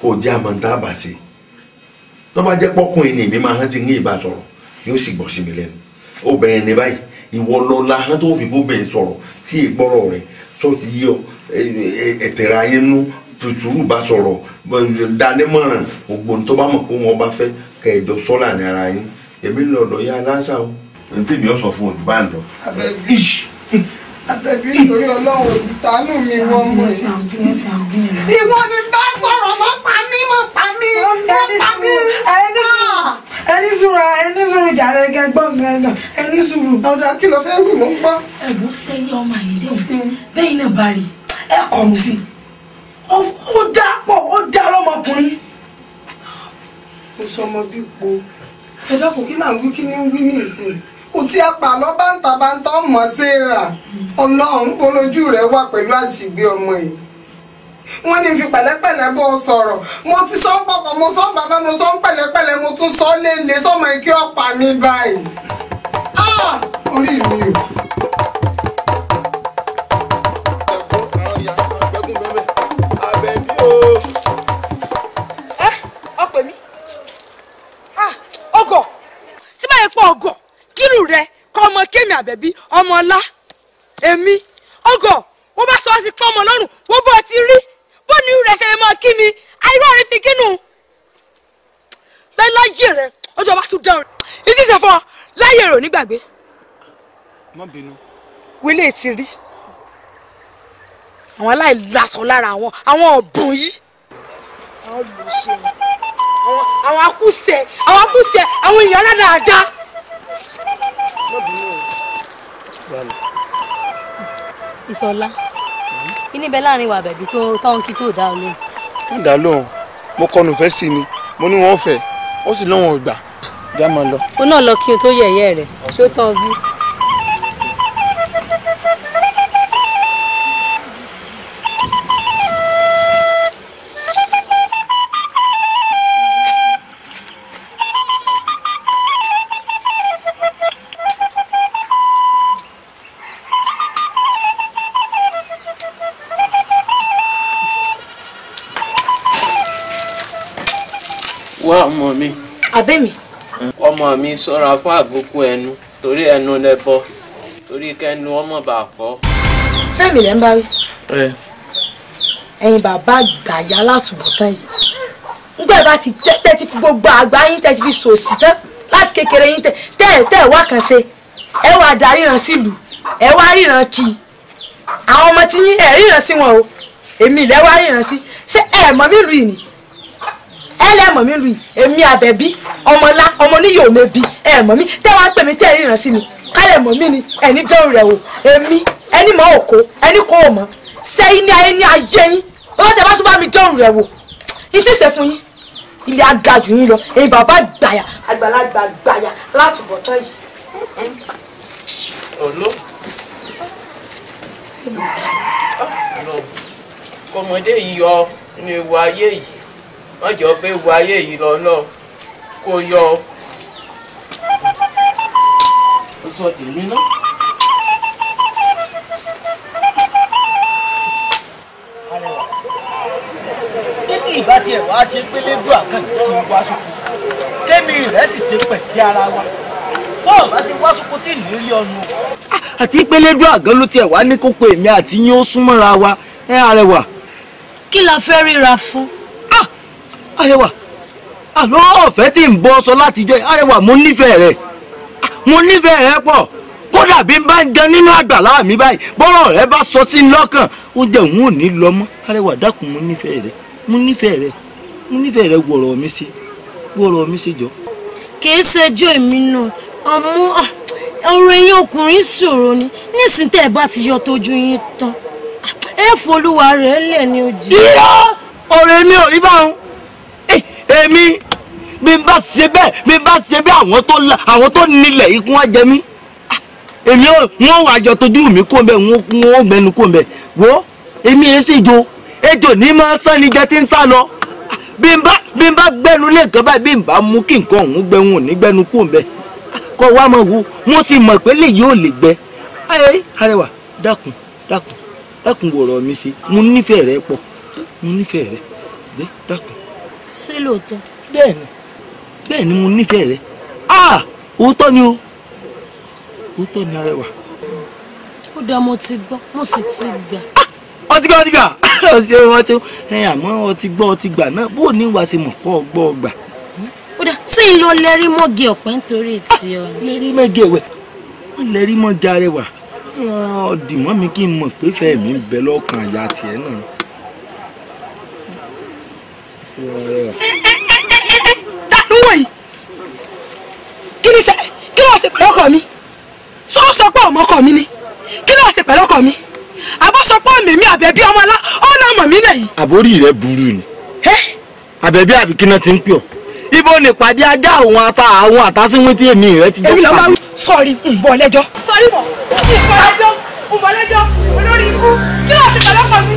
kò jẹ́ àmọ̀ntàbà sí tó bá jẹ́ pọ́kùnrin ni èmi máa hàn ti ní ìbá sọ̀rọ̀ yóò sì gbọ́ sí mi lẹ́nu obìnrin ni báyìí ìwọ lọ la hàn tó fi bóbìnrin sọ̀rọ̀ sí ìgbọ́rọ̀ rẹ̀ tó ti yọ ẹ̀tẹ̀rẹ̀ ayé nú tùtùrù bá sọ̀rọ̀ dánímọ̀ràn ògbóni tó bá mọ̀ pé wọ́n bá fẹ́ kẹjọ sọ́là ní ara yín èmi lọ́dọ̀ yá aláṣà o ntẹ̀mí ọ̀sán fún òdùbá lọ àbẹ̀bí nítorí ọlọ́run òsì ṣàánú mi wọ́n mú mi. ìwọ ni bá sọ̀rọ̀ mọ́ pa mí mọ́ pa mí mọ́ pa mí. Ah! ẹni sùúrù ẹni sùúrù jàre gẹ gbọ̀ngàn náà ẹni sùúrù. ọ̀dà kí ló fẹ́ wù mọ́ ń gbọ́. ẹ̀gbọ́n sẹ́yìn ọmọ àyẹ̀dẹ́wò hmm. bẹ́ẹ̀ náà bá rí ẹ kọ̀ mí sí ó dá pọ̀ ó dá lọ́mọkùnrin. mo sọ ọmọ bí po ẹ dákun kí náà wí kí ni wí ní ìsìn òtí apàlọ́ bántàbántà ọmọ Sarah ọlọ́run olójú rẹ̀ wà pẹ̀lú àṣìgbé ọmọ yìí wọ́n ní fi pẹ̀lẹ́pẹ̀lẹ́ bọ́ sọ̀rọ̀ mo ti sọ ń pọ̀pọ̀ mo sọ ń bàbá mo sọ ń pẹ̀lẹ́pẹ̀lẹ́ mo tún sọ léle sọmọ ike ọ̀pá mi báyìí ah! orí mi ò. Eh, ọgọ ah, tí báyìí pọ ọgọ kírù rẹ kọ́ ọmọ kémi àbẹ̀bí ọmọ ọlá èmi ọgọ̀ wọ́n bá sọ sí pọ́nmọ lọ́rùn wọ́n bọ́ ti rí bọ́ọ̀nù rẹ̀ ṣe lè kí mi àìrọ́ rẹ̀ fi kínú láyé rẹ ọjọ́ bá tún dáhùn ìdí ìṣe láyé rẹ ò ní bínú. wílé ti rí àwọn aláìlasọ lára àwọn àwọn ọ̀bùn yìí àwọn olùṣèlú àwọn akúṣẹ̀ àwọn akúṣẹ̀ àwọn èèyàn aládàáda ìsọlá níbẹ̀ láàrin ìwà àbẹ̀bí tó tán kí tó dá lóhùn. tó dá lóhùn mo kọnu fẹ́ sí ni mo ní wọn fẹ́ ó sì lọ́wọ́n ìgbà já máa lọ. ó náà lọ kí o tó yẹ̀yẹ́ rẹ̀ ṣó tán bí. ọmọ mi. àbẹ́mi. ọmọ mi ṣọ́ra fún àbùkù ẹnu torí ẹnu lẹ bọ torí kẹnu ọmọ bà kọ. sẹ́mi lẹ́ ń bá rí. ẹ̀yin bàbá àgbàyà látùbọ̀tán yìí nígbà bá ti tẹ́ ti fi gbogbo àgbà yín tẹ́ ti fi sòsì tán láti kékeré yín tẹ́ tẹ́ tẹ́ wá kàn ṣe ẹ wá darí ràn sílùú ẹ wá ríran kì í àwọn ọmọ tí yín ẹ ríran sí wọn o èmi lẹ wá ríran sí ṣé ẹ mọ̀ mí lù yìí ni ẹlẹ́mọ̀ mi lu yìí èmi àbẹ̀bí ọmọlá ọmọ oníyòó mẹ́bi ẹ̀mọ̀ mi tẹ́ wàá pè mí tẹ́ ríran sí mi kálẹ̀ mọ̀ mí ni ẹni dán rẹ̀ o èmi ẹni mọ̀ òkó ẹni kò mọ̀ sẹ́yìn ní ayé ní ayé yín ọlọ́run tẹ bá tún bá mi dán rẹ̀ wò yín tí ì ṣe fún yín ilé agajù yín lọ èyí bàbá gbàyà àgbàlagbà gbàyà látùbọ̀tán yìí. ọ̀lọ́ ọ̀lọ́ kọ́mọdé yìí yọ ní ewu ayé yìí wọ́n jọ pé wo ayé yìí lọ náà kó yọ. ó sọ tèmi náà. nínú ìbá tiẹ̀ wá ṣe pé lẹ́dọ̀ àkànjì kì í wá sóko kémi rẹ̀ ti ṣe pẹ̀lú ara wa bọ́ọ̀ bá ti wá sóko tí ìlú rí ọnu. àti ìpẹlẹdọ àgán ló tiẹ̀ wá ní kókó èmi àti yín ó súnmọ́ra wa ẹ arẹwà. kí la fẹ́ ríra fún arẹwà àlọ́ ọ̀fẹ́ tí ń bọ́ sọ látijọ́ arẹwà mo nífẹ̀ẹ́ rẹ mo nífẹ̀ẹ́ rẹ pọ̀ kódà bí n bá ń jẹ nínú àgbàlá mi báyìí bọ́rọ̀ rẹ bá sọ sí lọ́kàn oúnjẹ òun ò ní lọ mọ́ arẹwà dákun mo nífẹ̀ẹ́ rẹ mo nífẹ̀ẹ́ rẹ mo nífẹ̀ẹ́ rẹ wọ̀rọ̀ mi sí wọ̀rọ̀ mi sí jọ. kì í ṣẹjú èmi náà ọmú ọ̀rọ̀ ẹ̀yin ọkùnrin ṣòro ni nísìn tẹ́ ẹ bá ti yọ tójú yín tán ẹ folúwa rẹ̀ lẹ̀ ní ojú. irọ́ ọ̀rẹ́ mi ò rí báwọn èmi mi bá ṣe bẹ́ẹ̀ mi bá ṣe bẹ́ẹ̀ àwọn tó la àwọn tó nílẹ̀ ikú wá jẹ mí èmi wọn wà jọ tójú mi kó mbẹ wọn ò mẹnu kó mbẹ wo èmi yẹn sì jo ejò ní máa sán ni jẹ tí ń sá lọ bí n bá bí n bá gbẹnu lé nǹkan báyìí bí n bá mú kí nǹkan ọ̀hún gbẹ̀hún ò ní gbẹnu kó mbẹ kọ wá mọ wo mo ti mọ̀ pé lè yóò lè gbẹ ayé arẹwà dákun dákun dákun wọ̀rọ̀ mi sí mo nífẹ̀ẹ́ rẹ pọ̀ mo nífẹ̀ẹ́ rẹ dákun ṣé lóòótọ́. bẹ́ẹ̀ni bẹ́ẹ̀ni mo nífẹ̀ẹ́ rẹ ah òótọ́ ni o òótọ́ ni arẹwà. ó dáa mo ti gbọ́ mo sì ti gbà. ó ti gbà ó ti gbà ó sì wọ́n ti ẹ àmọ́ ó gbọ́ ó gbà náà bó o ní wàá ṣe mọ̀ kọ́ ọ gbọ́ ọ gbà. ó dáa sí ìlú lẹ́rí mọ́gì ọ̀pẹ́ nítorí ti ọ. Ah, lẹ́rí mẹ́gẹ̀ wẹ̀ wọ́n lẹ́rí mọ́gì arẹwà ọ̀dìmọ́ mi kí n mọ̀ pé fẹ́ẹ̀ mi ń bẹ lọ́kàn àyà tiẹ̀ náà dàdúwò yìí kí ni sẹ kí ló ṣe pẹ̀lú ọkọ mi sọ́ọ́sọ́ pé ọmọ ọkọ mi ni kí ló ṣe pẹ̀lú ọkọ mi àbọ̀sọpọ̀ mèmí àbẹ̀bí ọmọ ọlá ọ̀nà ọmọ mi lẹ̀ yìí. àbórí rẹ burú ni àbẹ̀bí àbíkínà ti ń pè ọ́ ibo ni pàdé ajá àwọn ata àwọn àtàsínwé tí èmi rẹ ti jọ pàdé. sọrí nbọ lẹ́jọ́. sọrí mọ nbọ lẹ́jọ́ nbọ lẹ́jọ́ olórí ikú kí ló ṣe pẹ̀lú ọkọ mi.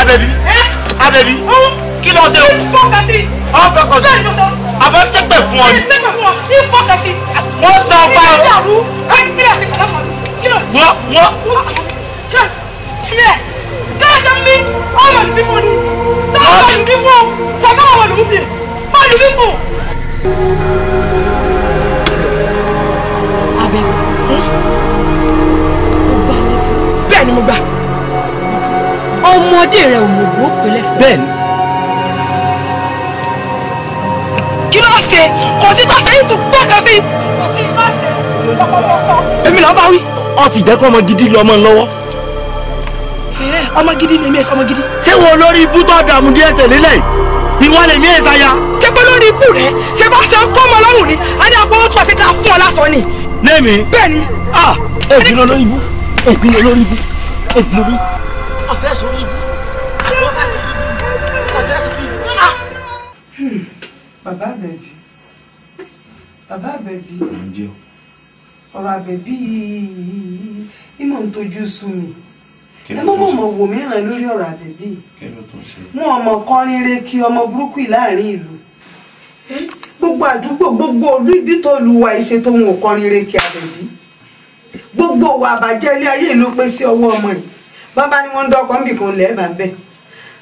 àbẹ̀bí àbẹ̀bí kí ló ṣe o. ìfọkàsí. ọ̀n fọkàsí. àbọ̀ sẹ́gbẹ̀ fún ọ sẹ́gbẹ̀ fún ọ ìfọkàsí. wọ́n sọ pa ọ. ìdílé àrú ẹgbẹ́ àti kọ̀ọ̀kan kí ló. wọ́n wọ́n. káyọ̀sẹ̀ mi ọmọ ìdí fún ni. sọ́kà ìdí fún ọ. sọ́kà ìdí fún ọ. ọmọ ìdí fún bẹ́ẹ̀ ni mo gbà ọmọdé rẹ ò mọ̀ wò ó pẹ̀lẹ́ kí ló ṣe kò sí tó ṣe é tún pẹ́ kan sí i kò sí tó ṣe lọ́pọ̀lọpọ̀. èmi làwọn bá wí. ọ ti jẹ́ kó ọmọ gidi lọ ọmọ lọ́wọ́. ọmọ gidi lèmi ẹ̀sọ́ ọmọ gidi. ṣé wo lórí ibú tó dààmú díẹ̀ tẹ̀lé lẹ̀ ìwọ lèmi ẹ̀sà ya. ṣé pé lórí ibú rẹ ṣé bá ṣe ń kọ́ ọmọ lọ́rùn ni adé àfọwọ́ tó ṣe ká fún ọ lásán ni. lẹ́mi. bẹ́ẹ̀ni. ah èbí lọ lórí ibú èbí lọ lórí ibú èbí lórí ibú. ọ̀fẹ́ sọ lórí ibú. bàbá àbẹ̀bí bàbá àbẹ̀bí ọ̀rọ̀ àbẹ̀bí ìmọ̀ ń tójú sú mi ẹ mọ́ mọ́ mọ́ wò mí ràn lórí ọ̀rọ̀ àbẹ̀bí mú ọmọ kọrin re kí ọmọ burúkú yìí láàrin ìlú gbogbo àdúgbò gbogbo olú ibi tó ìṣe tó ń wò kọrin re kí gbogbo wa àbàjẹ́ ilé ayé ìlú pé sí ọwọ́ ọmọ yìí bàbá ni wọ́n dọ́kọ̀ ń bìkan lẹ́ẹ̀ bá bẹ́ẹ̀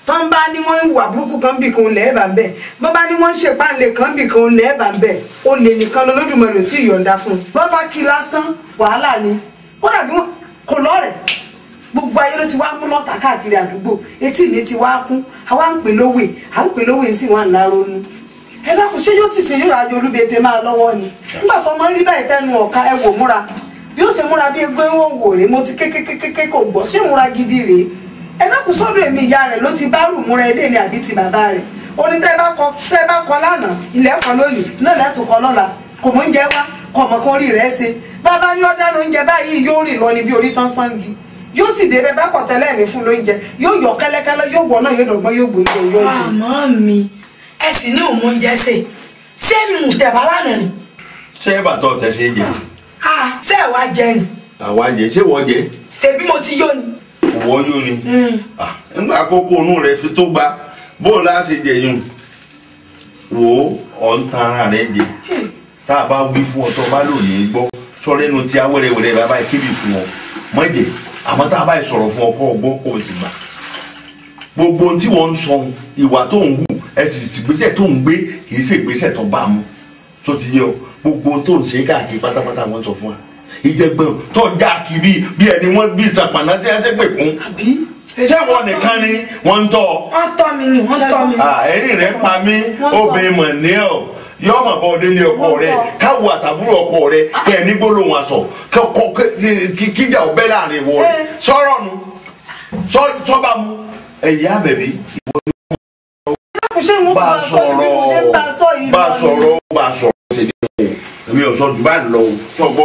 tán bá ní wọ́n ń wà burúkú kan bì kan lẹ́ẹ̀bà bẹ́ẹ̀ bọ́n bá ní wọ́n ń ṣèpáǹlẹ̀ kan bì kan lẹ́ẹ̀bà bẹ́ẹ̀ ó lè nìkan lọ́lọ́dúnmọ̀rẹ́ ò tí ì yọ̀ǹda fún un bọ́n bá kí lásán wàhálà ni ó dàbí wọn kò lọ́rẹ̀ gbogbo ayé ló ti wá mú lọ́tà káàkiri àdúgbò etí mi ti wá kún àwa ń pè lówè à ń pè lówè sí wọn ńlá ronú ẹ dákun ṣé yóò tì sí yóò àjò olúbete máa lọ́wọ́ ni nígbà tó ọmọ rí báyìí tẹnu ọ̀ka ẹ wò múra bí ó ṣe múra bí egbé wọn wò rèé mo ti kékékékéké kò gbọ́ ṣé múra gidi rèé ẹ náà kù sọ́dọ̀ èmi ìyá rẹ̀ ló ti bá rùmú rẹ dé ni àbí ti bàbá rẹ̀ ó ní tẹ́ bá kọ tẹ́ bá kọ lánàá ilẹ̀ kọ lónìí náà lẹ́tọ̀ kọ lọ́la kò mú oúnjẹ wá kọ mọ̀ kó rí rẹ̀ ṣe bàbá yóò dáná oúnjẹ báyìí yóò rìn lọ níbi orí tán sangi yóò sì dé bẹ́ẹ̀ bá kọ̀ tẹ́lẹ̀ ní fún lóúnjẹ yóò yọ kẹ́lẹ́kẹ́lẹ́ yóò wọ̀ náà yóò dọ̀gbọ́n yóò gbòógbò yóò gbò. àmọ́ mi ẹ sì ní òun oúnjẹ sè ṣé mi mú tẹ̀ bá lánàá ni. ṣé ẹ bàtọ̀ tẹ ṣe é jẹ. a ṣé ẹ wá jẹ ni. àwa jẹ ṣé wọ́n jẹ. ṣèbí mo ti yó ni wọ́ yóò ni nígbà àkókò inú rẹ̀ fi tó gba bó o jẹyìn wò ó ọ̀ rẹ̀ jẹ tá a bá wí fún ọ tó o bá lò ní gbọ́ sọ́rẹ́nu tí a wẹ́rẹ́wẹ́rẹ́ bàbá yìí kébì fún ọ mọ̀jẹ̀ àmọ́ tá a bá yìí sọ̀rọ̀ fún ọ kọ́ ọ gbọ́ kó o sì gbà gbogbo tí wọ́n ń sọ ìwà tó ń hù ẹsì ìgbésẹ̀ tó ń gbé kì í ṣe tó bá mu tó ti yẹ ọ gbogbo tó ń ṣe káàkiri pátápátá wọ́n sọ fún wa ìjẹgbọn tó ń já kiri bí ẹni wọn bí ìtàpànà tí wọn ti pè fún ṣé wọn nìkan ni wọn ń tọ. wọn tọ mi ni wọn tọ mi ni. ẹ̀rín rẹ̀ pa mí obìnrin mọ̀ ní ọ̀ yọọ ma bọ ọdẹ ní ọkọ rẹ káwọ àtàbúrò ọkọ rẹ kẹ ẹ ní gbólóhùn aṣọ kíjà ọbẹ láàrin wọ rẹ eh. sọ̀rọ̀ nu sọba mu ẹyẹ abẹbí ìwọ ni wọn bá sọ̀rọ̀ bá sọ̀rọ̀ bá sọ̀rọ̀ tèmi o mi ò sọ jù bá lọ sọgbọ.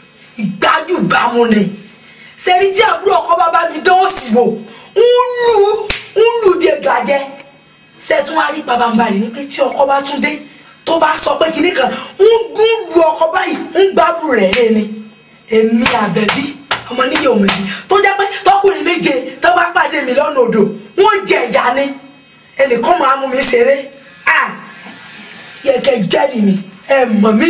ìgbádùn bámu ni sẹ́rí tí àbúrò ọkọ bàbá mi dánwò sí wo ń lu ń lu bí ẹgbàá jẹ sẹ́tún wá rí bàbá ń bari ní pé tí ọkọ bá tún dé tó bá sọ pé kinní kan ń gún lu ọkọ báyìí ń gbádùn rẹ̀ ẹ́ ni èmi àbẹ̀bí ọmọ níyà òmìnir tó jẹ́ pé tọkùnrin méje tó bá pàdé mi lọ́nà odò wọ́n jẹ ìyá ni ẹnìkan máa mú mi ṣeré yẹ kẹ jẹ́rìí mi ẹ mọ̀ mí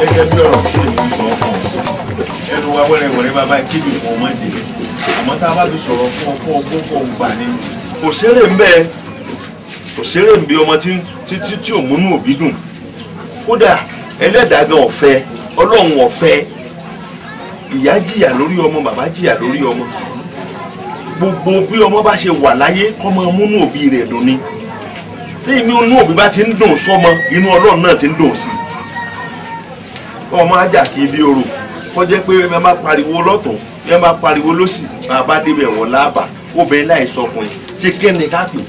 gẹ́gẹ́ bí ọ̀rọ̀ tí èmi sọ fún ọ ẹnu wa wẹ́rẹ́wẹ́rẹ́ bàbá kíbi fún ọmọ dé àmọ́ tá a bá fi sọ̀rọ̀ fún ọ fún ọgbọ́n fún ọgbà ni òṣèré ń bẹ òṣèré ń bí ọmọ tí tí ò múnú òbí dùn kódà ẹlẹ́dàá ọ̀fẹ́ ọlọ́run ọ̀fẹ́ ìyá jìyà lórí ọmọ bàbá jìyà lórí ọmọ gbogbo bí ọmọ bá ṣe wà láyé kọ́mọ múnú òbí rẹ̀ dùn ni tí inú òbí bá ti ń dùn sọ́mọ inú ọlọ́run náà ti ń dùn sí i ọmọ ajá kì í bí orò kọjá pé ẹ máa pariwo lọ́tọ̀ ẹ máa pariwo lọ́sì bàbá débẹ̀ wọ́n láàbà obìnrin láìsọkùnrin tí kẹ́ni ká pè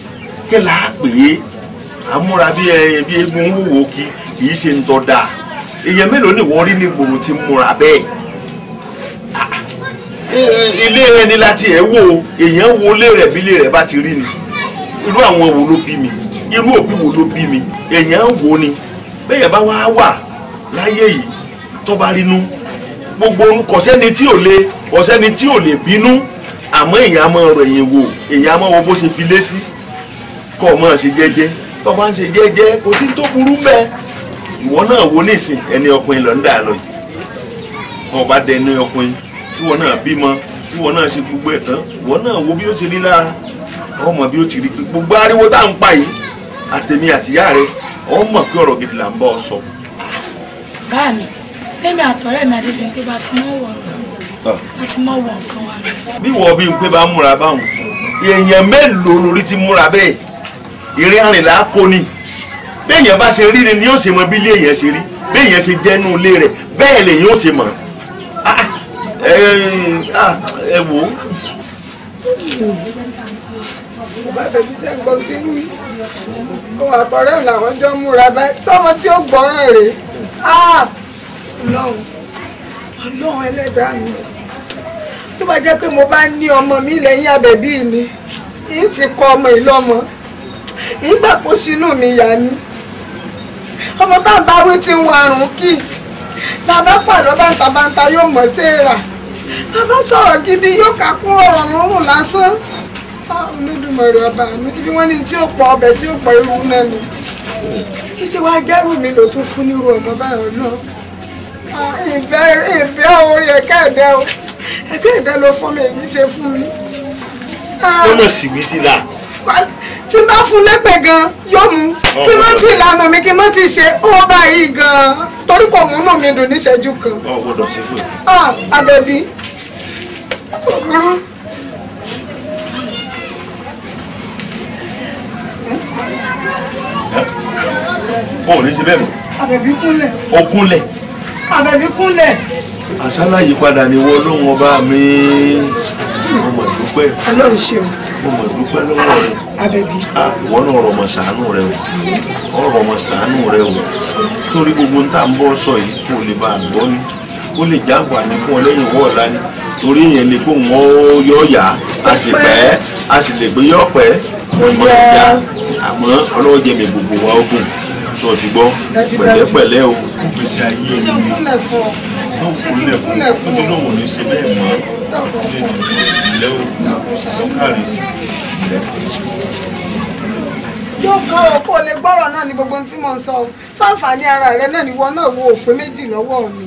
kí là á pè é àmúra bí ẹ bí egun wúwo kí kì í ṣe ń tọ́ da èèyàn mélòó ni wọ́n rí ní gbòòrò tí múra bẹ́ẹ̀ ah, ilé ẹni láti ẹ̀ wò èèyàn wo ilé rẹ̀ bí ilé rẹ̀ bá ti rí ni irú àwọn wo ló bí mi irú òbí wo ló bí mi èèyàn wo ni bẹ́ẹ̀ yẹn bá wá wà láyé yìí tó bá rinú gbogbo kò sẹ́ni tí ò lè kò sẹ́ni tí ò lè bínú àmọ́ èèyàn máa rọ̀ èèyàn wò èèyàn máa wo bó ṣe fi lé sí kọ́ ọ máa ṣe jẹ́jẹ́ tó bá ń ṣe jẹ́jẹ́ kò sí tó burú bẹ́ẹ̀ ìwọ náà wo nísìn ẹni ọkùnrin lọ ń dà lọ yìí wọn bá dẹni ọkùnrin tí wọn náà bímọ tí wọn náà ṣe gbogbo ẹ̀ tán ìwọ náà wo bí ó ṣe rí lára ọmọ bí ó ti rí pé gbogbo ariwo tá ń pa yìí àtẹ̀mí àtìyá rẹ ọmọ pé ọ̀rọ̀ gidi là ń bọ́ ọ sọ. báàmì tẹ́mi àtọ̀rẹ́ mi adébíyẹnké bá ti mọ́ wọ̀ bá ti mọ́ wọ̀ nǹkan wa. bí wọ́n bí n pé bá múra báwọn èèyàn mélòó lórí ti múra bẹ́ẹ̀ ìrìn àrìnlá kò ní béèyàn bá ṣe rí ni ni yóò ṣe mọ bí ilé èèyàn ṣe rí béèyàn ṣe jẹ́nu ilé rẹ̀ bẹ́ẹ̀ lèyàn ó ṣe mọ̀ ẹ wò ó. bàbá bèbí sẹ́ńgbọ́n ti ń wí òun àtọ̀rẹ́ làwọn jọ múra báyìí tọ́mọ tí ó gbọ́ràn rèé ọlọ́run ọlọ́run ẹlẹ́dàá mi tó bá jẹ́ pé mo bá ní ọmọ mi lẹ́yìn àbẹ̀bí mi yìí ti kọ ọmọ ìlọ́mọ yìí gbà kó sínú mi yà ni ọmọ tá a bá wí ti ń warùn kì í bàbá pàlọ́ bàǹtàbàǹtà yóò mọ̀ sí rà bàbá sọ̀rọ̀ gidi yóò kà kún ọ̀rọ̀ lọ́rùn lásán olódùmarè ọba mi bí wọ́n ní tí ó pọ̀ ọbẹ̀ tí ó pọ̀ irú náà ni kí ṣe wá gẹ́rù mi lò tó fún nírú ọmọ báyọ̀ náà ìbẹ́ ìbẹ́ orí ẹ̀ka ẹ̀dẹ́ o ẹ̀ka ẹ̀dẹ́ ló fún mi èyí ṣe fún mi. Ah. ó lọ sì wí sí la. tí n bá fún lẹ́pẹ̀ gan yóò mú kí n má ti lànà mi kí n má ti ṣe ó báyìí gan torí kò mú nù mi dùn níṣẹ́jú kan. ọ gbọ́dọ̀ ṣe fún mi. abẹ́bí ah, o ò ní ṣe bẹ́ẹ̀ mọ́. àbẹ̀bí kúnlẹ̀. o kúnlẹ̀ àbẹ̀bí kúnlẹ̀. àṣálà yìí padà ni wọ́n ló wọn bá mi mo mọ̀ ọlọ́run ṣeun. mo mọ̀ lọ́wọ́ rẹ. àbẹ̀bí. ìwọ náà ọ̀rọ̀ ọmọ sàánú rẹ o ọ̀rọ̀ ọmọ sàánú rẹ o torí gbogbo ń tà ń bọ́ sọ yìí kó lè bá a gbọ́ ni ó lè jágbà ní fún ọ lẹ́yìn wọ́ọ̀lá ni torí yẹn ni kó wọn yọ ọ̀yà a sì pẹ́ a sì lè gbé yọ̀ pẹ́ ọmọ ìjà àmọ́ ọlọ́wọ́ jẹ̀mí gbogbo wa ó gùn tó ti gbọ́ pẹ̀lẹ́pẹ̀lẹ́ o gbèsè ayé mi náà kúnlẹ̀ fún ọdún náà wò ní ṣe bẹ́ẹ̀ mọ́ ilé ìlú kárí ilẹ̀. yóò gbọ́ ọkọ lè gbọ́rọ̀ náà ní gbogbo tí mo ń sọ fáǹfààní ara rẹ náà ni wọn náà wo òpin méjì lọ́wọ́ mi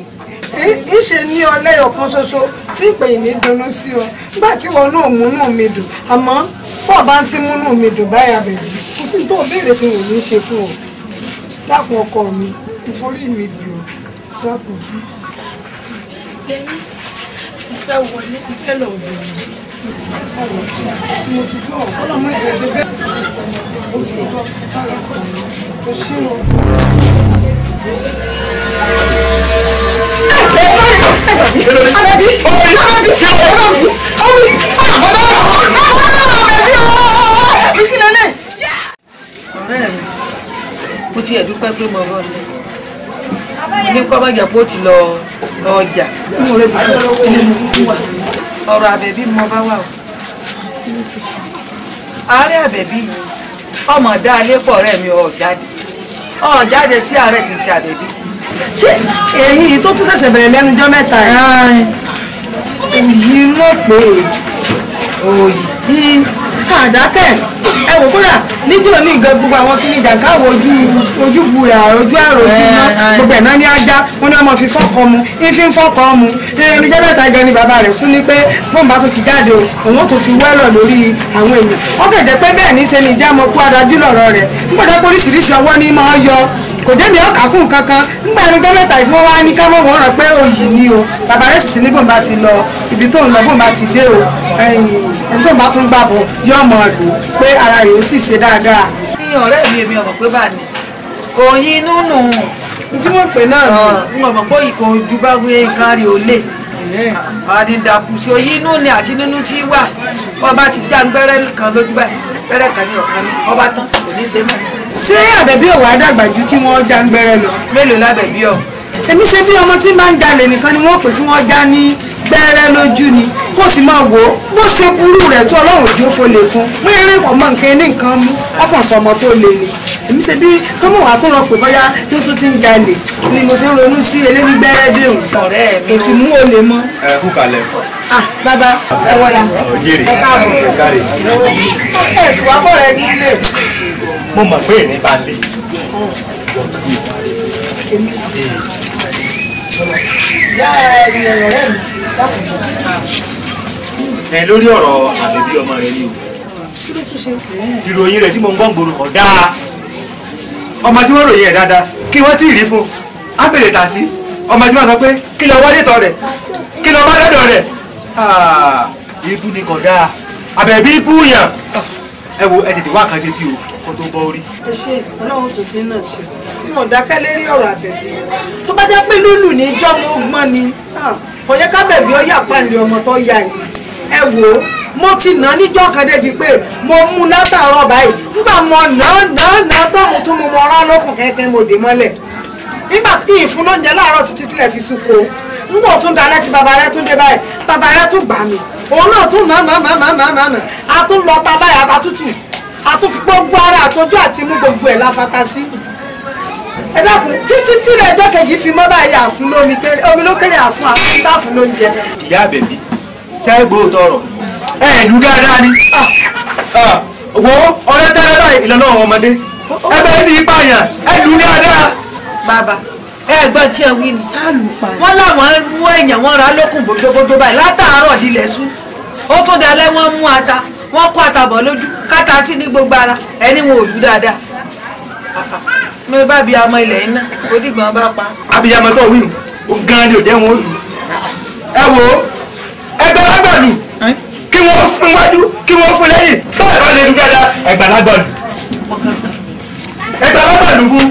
ìṣe ní ọ lẹ́yọ̀ kan ṣoṣo tí ìpè ìní dunnú sí ọ nígbà tí wọn náà múnú mi dùn àmọ́ bọ́ọ̀ bá ń ti múnú mi dùn báyà bẹ̀rẹ̀ kò sí tó béèrè tí wò ní ṣe fún ọ dákun ọkọ mi ìforí mi jù ọ́ dákun. bẹ́ẹ̀ni mo fẹ́ wọlé mo fẹ́ lọ bọ̀ mo ti gbọ́ ọlọ́mọ ìgbésẹ̀ bẹ́ẹ̀ mo ti gbọ́ ọlọ́mọ ìgbésẹ̀ bẹ́ẹ̀. Alabi, alabi, alabi, alabi, alabi, alabi, alabi. tiẹ̀ dúpẹ́ pé mo rọ ni ní kọ́bọ̀jà pé ó ti lọ ọjà mo rẹ bí ọ̀rọ̀ àbẹ̀bí mo bá wà o ààrẹ àbẹ̀bí yìí ọmọ dá alépọ̀ rẹ̀ mi ọ̀ jáde ọ̀ jáde sí ààrẹ títí àbẹ̀bí ṣé èyí tó tún ṣẹ̀ṣẹ̀ bẹ̀rẹ̀ lẹ́nu jọ́ mẹ́ta yìí òyì ló pè é òyì bíi àdákẹ́ ẹ wò kódà níjó ní nǹkan gbogbo àwọn kí ni jàǹkáwò ojú ojú gbura ojú àròjù eh, eh. gbogbo ẹ̀ná ní ajá wọn ni wọn fi fọ́kọ mu ifi ń fọ́kọ mu ẹnu jẹ́ mẹ́ta jẹ́ ni bàbá rẹ̀ tún ní pé bóńbà tó ti jáde o òun tó fi wẹ́lọ̀ lórí àwọn èèyàn ó kẹ̀dẹ̀ pé bẹ́ẹ̀ ní ṣe ni ìjà mọ̀ kú adájú lọ̀rọ̀ rẹ̀ nígbàdá pé oríṣiríṣi ọwọ́ ni máa yọ kò jẹ́ mi ọ̀kà kún kankan nígbà ẹnu gọ́mẹ̀tà tí wọ́n wá ní ká mọ̀mọ́ rọ pé òyì ni o bàbá rẹ̀ sì sí ní bòun bá ti lọ ibi tóun lọ bòun bá ti dé o ẹni tóun bá tún gbàbọ̀ yóò mọ̀ lò pé ara rẹ̀ ó sì ṣe dáadáa. ní ọ̀rẹ́ mi èmi ọ̀mọ̀ pé bá a ní òyìn inú nù n tí wọ́n pè náà nù. n ọ̀mọ̀ pé ìkò ju bá wí nǹkan rí o lè àdìdàkù sí òyìn inú ni àti nínú tí wà ọba ti já gbẹ́rẹ́ kan lójú báyìí kan ní ọ̀kan ní ọba tán kò ní í ṣe mọ́ ṣé àbẹ̀bí ò wá dàgbà ju kí wọ́n já ń gbẹ́rẹ́ lọ. mélòó lábẹ̀bí ọ̀. èmi ṣe bí ọmọ tí máa ń jalè nìkan ni wọ́n pè kí wọ́n já ní gbẹ́rẹ́ lójú ni kó sì máa wò ó bó ṣe burú rẹ̀ tó ọlọ́run ojú fo lè fún mú eré ọmọ nǹkan ní nǹkan mú ọkàn sọmọ tó le ni èmi ṣe bí kọ́mọ̀ wà tó rọ pé bóyá tó tún ti ń jalè ni mo ṣe ń ronú sí eléyìí gbẹ́rẹ́ dé òun ọ̀rẹ́ mi kò sì mú olè mọ́. ẹ kú kalẹ̀. ah bàbá ẹ wọlé ẹ káàbọ̀ ẹ káàbọ̀ ẹ sùn wá bọ̀ rẹ nílé mo mọ̀ pé èmi bá lè ẹ lórí ọ̀rọ̀ àbẹ̀bí ọmọ rẹ ni o ìròyìn rẹ̀ tí mo ń gbọ́ gbòòrò kọ̀ dáa ọmọ tí wọ́n ròyìn ẹ̀ dáadáa kí wọ́n tí ì rí fún un á bèrè tà sí ọmọ tí wọ́n sọ pé kí lọ wọlé tọ̀ rẹ̀ kí lọ bá dọ̀dọ̀ rẹ̀ ah, ibú ni kọ̀ dáa àbẹ̀bí ibú yàn ẹ wo ẹ tètè wá kan ṣe sí o. kó orí. ẹ ṣe ọlọ́run tó ti náà ṣe mo dákẹ́ lérí ọ̀rọ̀ àbẹ̀bí tó bá jẹ́ pé lùlù ní ni kábẹ̀bí ọ yà ọmọ tó yà ẹ wò ó ti nà á níjọ́ kan débi pé mo mú látàárọ̀ báyìí nígbà mo nà nà nà tó mo tún mọ lókun kẹ́kẹ́ mo dè mọ́lẹ̀ nígbà tí láàárọ̀ títí tílẹ̀ fi sunko n kò tún dalẹ̀ tí baba rẹ tún dé báyìí baba rẹ tún gbà mí òun náà tún nà a báyìí àtúnfi gbogbo ara àtọjú àti mú gbogbo ẹ̀ láfata sí ẹ dákun títí tí ilẹ̀ ẹjọ́ kejì fi mọ́ báyìí àfún lómi kéré omi ló kéré àfún àfún eh! táàfún lóúnjẹ. ìyá àbẹ̀bí ṣẹ́gbó tọrọ ẹ ìlú dáadáa ni ah, ah, wo ọ̀rẹ́ tẹ́lẹ̀ báyìí ìlànà àwọn ọmọdé ẹ bẹ́ẹ̀ sí ipa yàn ẹ ìlú dáadáa. bàbá ẹgbọ́n tí ẹ wí ni wọ́n láwọn mú ẹ̀yàn wọn ra lókùn gbogbogbò báyìí látàárọ̀ dilẹ̀ sú ó tún dalẹ́ wọ́n mú ata wọ́n kó àtàbọ̀ lójú káta sí ní gbogbo ara ẹni wọn ò dú dáadáa mi bá bi amọ ilẹ̀ iná onígbọ̀n bá pa. abiyamọ tó wí o gan ni ò jẹ́ wọn ẹ wo ẹgbẹ́ lágbàlù kí wọ́n fún wájú kí wọ́n fún lẹ́yìn báyìí bá lè dùn dáadáa ẹgbẹ́ lágbàlù ẹgbẹ́ lágbàlù fún.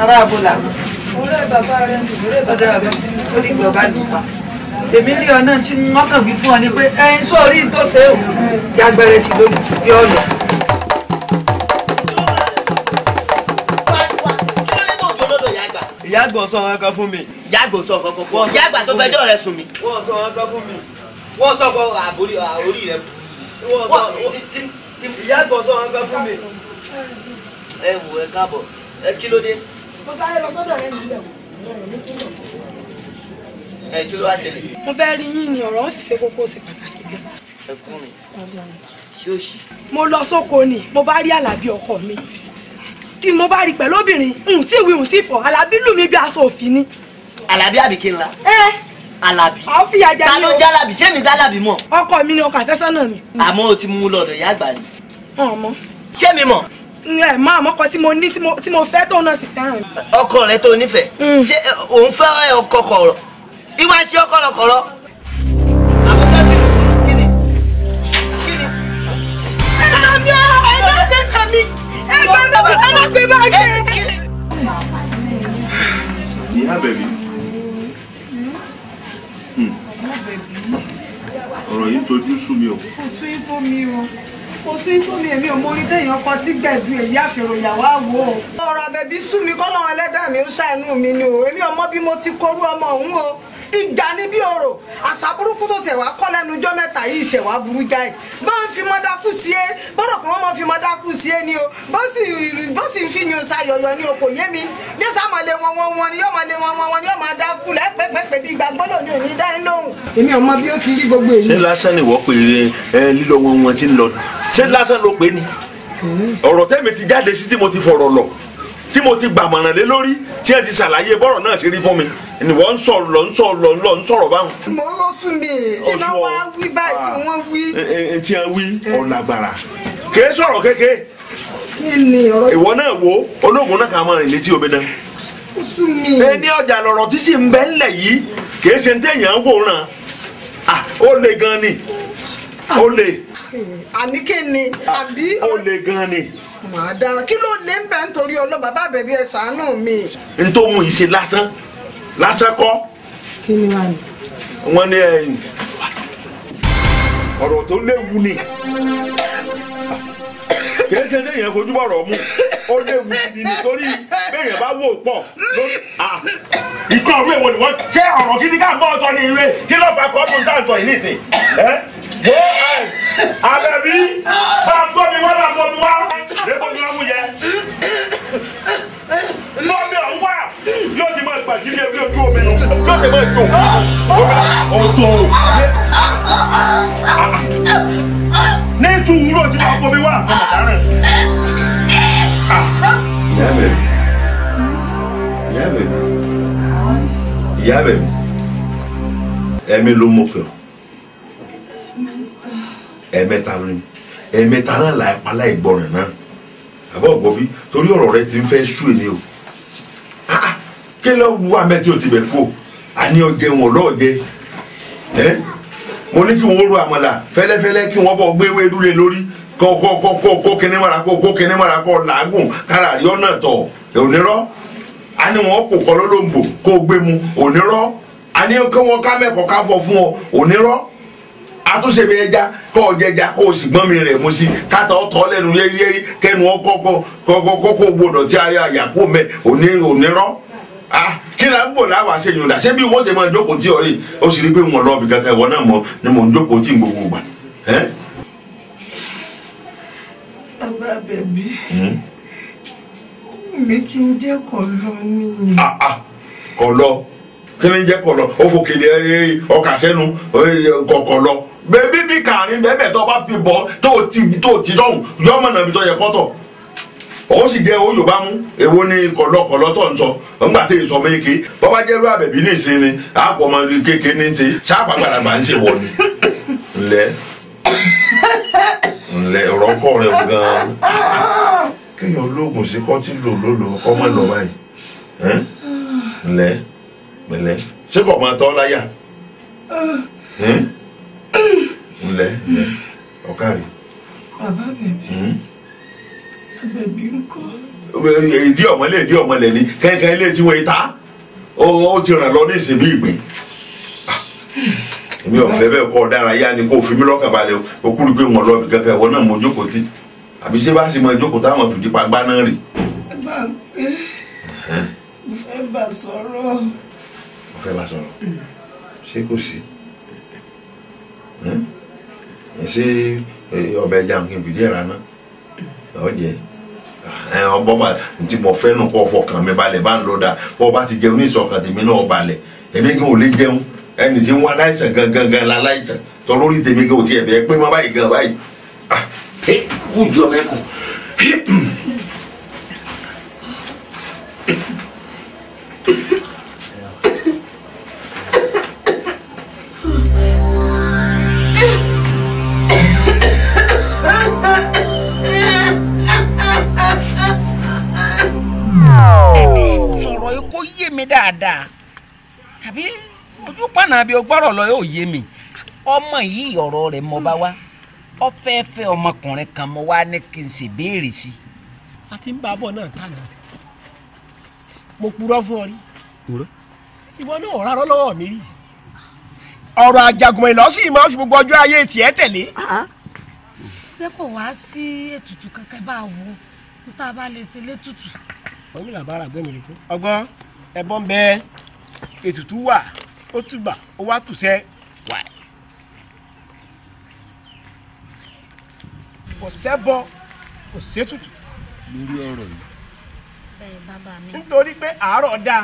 ara àbúlà ọ̀rẹ́ bàbá rẹ̀ ọ̀rẹ́ bàbá rẹ̀ onígbọ̀n bá dùn pa èmi rí ọ náà tí wọ́n kàn wí fún ọ ni pé ẹyin tó rí tó ṣe é yàgbẹ̀rẹ̀ sí lójú yọ ọ sọ ọ̀rọ̀ kan fún mi. ìyá sọ ọ̀rọ̀ kan fún mi. ìyá àgbà tó fẹjọ́ rẹ sùn mí. wọ́n sọ ọ̀rọ̀ kan fún mi. wọ́n sọ ọ̀rọ̀ àbórí àórí rẹ. ìyá sọ ọ̀rọ̀ kan fún mi. ẹ wò ẹ káàbọ̀ ẹ kí ló dé. mo sáré lọ sọ́dọ̀ rẹ nílẹ̀ wò ẹ kí ló wá ṣẹlẹ̀. mo fẹ́ rí yín ni ọ̀rọ̀ ń ṣe kókó ṣe pàtàkì gan. ẹkún mi ṣé o ṣì. mo lọ sóko ni mo bá rí àlàbí ọkọ mi tí mo bá rí pẹ̀lú obìnrin n tí ìwé n tí fọ àlàbí lù mí bí aṣọ òfin ni. àlàbí àbíkí ńlá. ẹ alabi. àwọn fi àjà mi o. ta ló jalabi ṣé mi jalabi mọ. ọkọ mi ni ọkọ àfẹ́sọ́nà mi. àmọ́ o ti mú lọ́dọ̀ ìyá àgbà ni. ọmọ. ṣé mi mọ̀. ẹ mọ àmọ́ kan tí mo ní tí mo fẹ́ tóun náà sì fẹ́ràn mi. ọkọ rẹ tó nífẹ̀ẹ́. Mm. ṣé eh, òun fẹ́ ọkọ kọ̀ọ̀rọ̀ ìwà ṣe ọkọlọkọlọ. àbúkọ́ ti rò fún kíni kíni. ẹ lọ mi ọ ẹ lọ gbé kàmi ẹ gbé kàmi ẹ lọ gbé bá gbé. ìyá bẹ̀bí hmm. ọ̀rọ̀ yìí tojú sú mi o. kò tún ikú mi o kò tún ikú mi èmi ò mórí téèyàn kọ sí gbẹ̀dú èyí àfèròyàwó àwò o. ọ̀rọ̀ àbẹ̀bí sú mi kọ́nà ẹlẹ́dàá mi ń ṣàánú mi ni o èmi ò mọ bí mo ti korú ọmọ òun o ìjà ni bí orò àṣà burúkú tó tiẹ̀ wá kọ́ lẹ́nu ọjọ́ mẹ́ta yìí tiẹ̀ wá burú jáì bá ń fi mọ́ dákú sí é gbọ́dọ̀ pé wọ́n mọ́ fi mọ́ dákú sí é ni o bó sì ń fi yun sayọ̀yọ̀ ni o kò yé mi bí ó sáà mọ̀ lé wọn wọn wọn ni yóò mọ̀ lé wọn wọn wọn ni yóò máa dákú lẹ́pẹ́pẹ́pẹ́ bí ìgbà gbọ́dọ̀ ni ò ní lóhùn. èmi ò bí ó ti rí gbogbo èyí. ṣé lásán ni wọ́n pè é lílọ wọn wọn ti ń lọ ṣé lásán ló pè é ni hmm. ọ̀rọ̀ tẹ́mi ti jáde sí tí mo ti fọ̀rọ̀ lọ tí mo ti gbàmọ̀ràn lé lórí tí ẹ ti ṣàlàyé bọ́rọ̀ náà ṣe rí fún mi ni wọ́n ń sọ̀rọ̀ lọ ń sọ̀rọ̀ lọ ń lọ ń sọ̀rọ̀ báwọn. mo ló sùn mí kí náà wá wí báyìí kí wọ́n wí. Ah, eh, eh, tí a wí eh. ọ̀làgbàrà kìí sọ̀rọ̀ kéke ìwọ náà wo olóògùn náà kà máa rìn létí omi náà. ẹni ọjà lọ̀rọ̀ tí sì ń bẹ ńlẹ̀ yìí kìí ṣe ń téèyàn wò ràn ah, ó le gan ni ó le. àníkè ni ah, àbí. ó le gan ni dákun máa dára kí ló lè ń bẹ nítorí ọlọ́ bàbá àbẹ̀bí ẹ ṣàánú mi. n tó mú ìṣe lásán lásán kọ́. kí ni wàá ní. wọ́n ní ẹ̀yìn ọ̀rọ̀ tó léwu ni kì í ṣe léèyàn fojú bọ̀rọ̀ mu ó léwu ni nítorí béèyàn bá wò pọ̀ ló ah, ikọ̀ ọ̀rọ̀ èwo ni wọ́n ṣé ọ̀rọ̀ gidi ká ń bọ́ ọ̀tọ̀ ní ìwé kí ló fà kọ́ tó ń tà yìí nìtì. Àbẹ̀bí máa gbọ́ mi wọ́n náà gbọ́ mi wá. Rébó ni wọ́n mú yẹ. Lọ́ọ̀mì ọ̀hún wà yóò ti máa gbàgì ní ẹbí ojú omi nù. Yóò ti máa gbò. Òun tó o. Ní ìtumù ló ti máa gbọ́ mi wá. Ìyá bẹ̀rẹ̀. Ìyá bẹ̀rẹ̀. Ìyá bẹ̀rẹ̀. Ẹ̀mí ló mú kẹ́ ẹ̀ẹ̀mẹ́ta ni ẹ̀ẹ̀mẹ́ta náà la apálá ìgbọràn náà àbọ̀ ọ̀gbọ́n bí torí ọ̀rọ̀ rẹ ti ń fẹ́ sú èmi o ah, ah, kí ló wú abẹ́ tí o ti bẹ̀ kó àní ọjẹ wọn lọ́ọ̀jẹ mo ní kí wọ́n ro àmàlà fẹ́lẹ́fẹ́lẹ́ kí wọ́n bọ̀ gbé ewédú lé lórí kọ́kọ́kọ́kọ́ kíní mara kó kó kíní mara kó làágùn kára àríyọ́ náà tọ̀ onírọ́ àní wọn kò kọ́ lólóńgbò kó gbé mu onírọ́ àní kí wọ́n ká mẹ́kọ̀ọ́ ká fọ́ fún ọ onírọ́ àtúnṣe bí ẹja kọ́ ọ jẹja kó o sì gbọ́n mi rẹ̀ mo sì káta ọ̀tọ̀ lẹ́nu yẹ́rí kẹ́nu ọkọ̀ kọ́kọ́ kó gbọdọ̀ tí a yà kó mẹ́ òní ònírọ́ ah kí ni à ń bò láwà ṣe yòó dà ṣé bí wọ́n ṣe máa jókòó tí ọ̀rẹ́ ó sì rí pé wọn lọ́ọ̀bì kankan ìwọ náà mọ̀ ni mò ń jókòó tí gbogbo gbà. bàbá bẹ̀bí hmm? mi kì í jẹ́ kọ́ nìyí. kọ́ kí ni jẹ́ kọ́ lọ fò kèlè ọkà sẹ́nu kọ̀ọ̀kọ̀ bébí bí kàrin bẹ́ẹ̀ tó bá fi bọ́ tó ti tó ti dọ́hùn yọmọ nàbí tó yẹ kọ́tọ̀ òun sì jẹ owó yorùbá mú èwo ni kọlọkọlọ tó ń sọ nígbà tí èso méjèké bọ́bá jẹ́ irú àbẹ̀bí ní ìsinmi àpò ọmọ kékeré ní ti sáàpà gbàdàgbà ń ṣe wọ ni. ǹlẹ́ ǹlẹ́ rọ́kọ̀ rẹ̀ gan-an kéèyàn olóògùn sí kọ́ tí lò lólo ọkọ mọ́ lọ báyìí ǹlẹ́ pẹ̀lẹ́ ṣé kò máa tọ́ láyà ǹlẹ́ ǹlẹ́ ọ̀kàrí. bàbá bèbí hmm? bèbí ń kọ́. ìdí ọ̀mọ́lẹ̀ ìdí ọ̀mọ́lẹ̀ ni kẹ́kẹ́ ilé tí wọ́n ta ó ti ràn lọ ní ìsìn bí ìgbín ah. èmi ò fẹ́ bẹ́ẹ̀ kọ́ ọ̀daràn yá ni kò fi mí lọ́kàn balẹ̀ o kúrò pé wọn lọ́ọ́ bí kankan ìwọ náà mo jókòó tí àbí ṣé bá ṣe mọ ìjókòó táwọn fìdí pa gbá náà rè. ẹ bá ń pè mo fẹ́ bá sọ̀rọ̀. mo fẹ́ bá sọ̀rọ̀ ṣé kò sí ṣé ọbẹ̀ ẹja nǹkan fìdí ẹ̀ rana ọ̀jẹ̀ ọbọ̀ bá tí mo fẹ́ nù kọ́ fọkàn mi balẹ̀ bá ń lọ dà bọ́ bá ti jẹun ní ìsọ̀kan tèmi náà balẹ̀ èmi kò lè jẹun ẹni tí ń wá láìsàn gangan gan la láìsàn tọ́ lórí tèmi kò tiẹ̀ bẹ́ẹ̀ pé má báyìí gan báyìí ah kú jọ mẹ́kù yé mi dáadáa àbí ojú pàànà àbí ọgbọ́rọ̀ lọ yóò yé mi ọmọ yìí ọ̀rọ̀ rẹ̀ mọ bá wá ọ fẹ́ fẹ́ ọmọkùnrin kan mo wá ní kí n sì béèrè sí i. a ti ń bá a bọ̀ náà tànà mo purọ́ fún ọ rí ìwọ náà ọ̀rọ̀ arọ́ lọ́wọ́ mi rí ọ̀rọ̀ àjàgùn ìlọ́sìn máa ń fi gbogbo ọjọ́ ayé tiẹ̀ tẹ̀lé. ṣé kò wá sí ètùtù kankan bá a wò ó tá a bá lè ṣe létùtù. ọ̀gbìn làbára gbẹ̀mí rẹ̀ kú. ọgbọ́n ẹbọ ń bẹ ètùtù wà ó túbà ó wá tùsẹ wà. kò sẹ́bọ kò sétùtù. lórí ọ̀rọ̀ yìí. bẹ́ẹ̀ bàbá mi. nítorí pé àárọ̀ dáa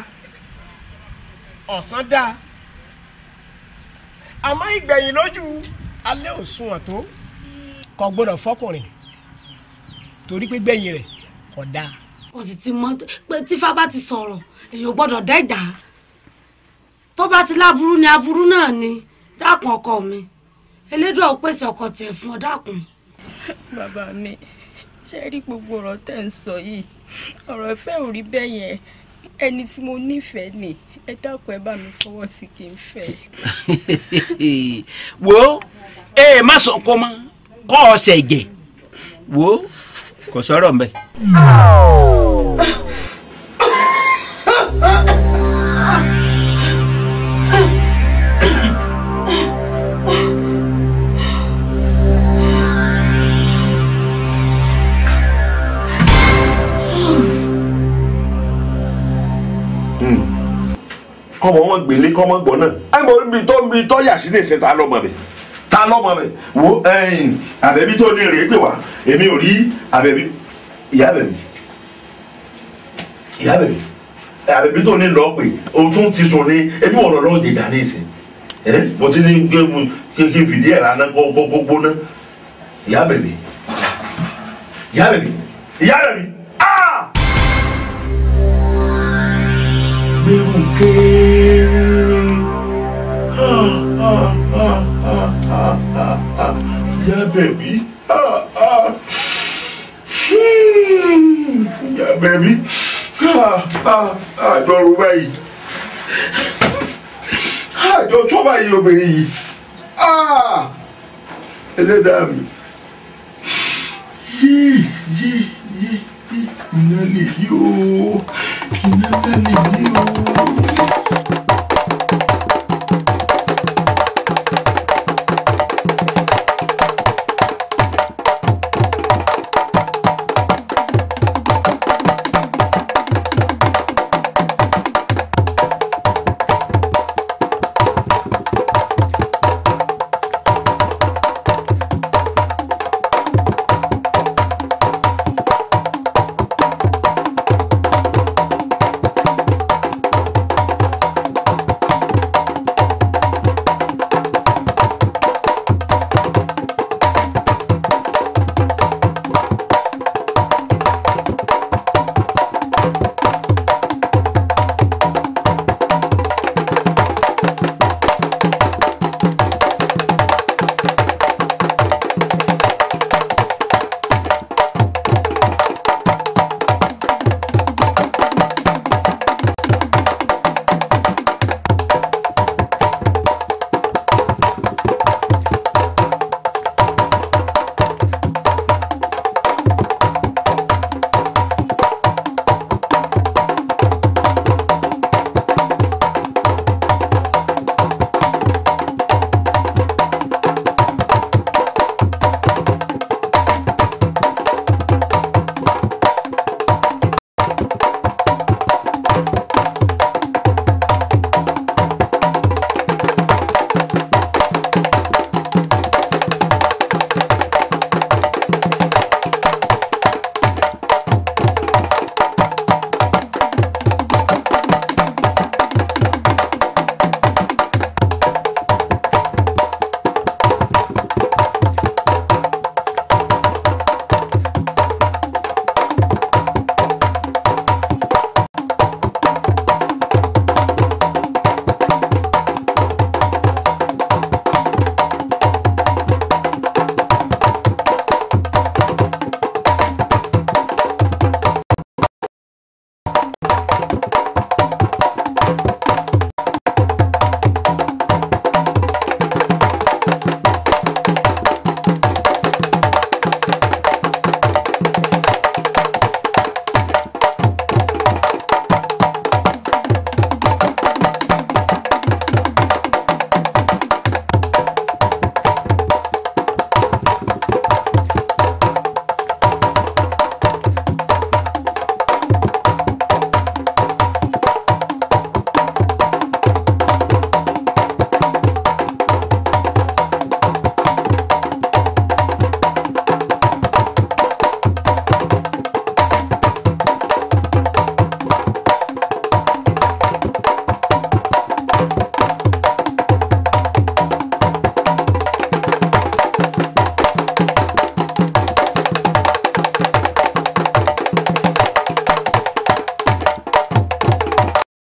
ọ̀sán dáa àmọ́ ìgbẹ̀yìn lójú alẹ́ òsùn àtó kò gbọ́dọ̀ fọkùnrin torí pé gbẹ̀yìn rẹ̀ kò dáa mo sì ti mọ pé tífá bá ti sọ̀rọ̀ èèyàn gbọ́dọ̀ dẹ́jà tó bá ti láburú ni aburú náà ni dákun ọkọ mi elédùn ò pèsè ọkọ tiẹ̀ fún ọ dákun. bàbá mi ṣe rí gbogbo ọ̀rọ̀ tẹ̀ ń sọ yìí ọ̀rọ̀ ìfẹ́ ò rí bẹ́ẹ̀ yẹn ẹni tí mo nífẹ̀ẹ́ ni ẹ dákun ẹ bá mi fọwọ́ sí kí n fẹ́. wo ẹ má sọ kọ́ mọ́ kọ́ ọ̀sẹ̀ jẹ wo kò sọ̀rọ̀ mbẹ́. kọ́mọ wọn gbélé kọ́mọ gbọ́ náà ẹ̀ mọ̀ níbi tó ń bi tọ́yà sí ní ìsẹ̀ta lọ́mọ mi ta lọ́mọ rẹ̀ wo ẹ̀yìn àbẹ̀bí tó ní rèé pè wá èmi ò rí àbẹ̀bí ìyá àbẹ̀bí ìyá àbẹ̀bí àbẹ̀bí tó ní lọ́ọ́ pè o tún ti sùn ní ebi wọ̀rọ̀ lọ́ọ́ jẹjà ní ìsìn mo ti ní kí n fìdí ẹ̀ lánàá kó gbóná ìyá àbẹ̀bí ìyá àbẹ̀bí ìyá àbẹ̀bí. Ah! gbẹ̀rù kéé. Baby, ah, ah. Hmm. bẹ̀bí ìyá bẹ̀bí àjọrò báyìí àjọ ah, tó báyìí obìnrin yìí ah! ẹlẹ́dàá mi yìí yìí yìí iná lè yí o iná lè yí o.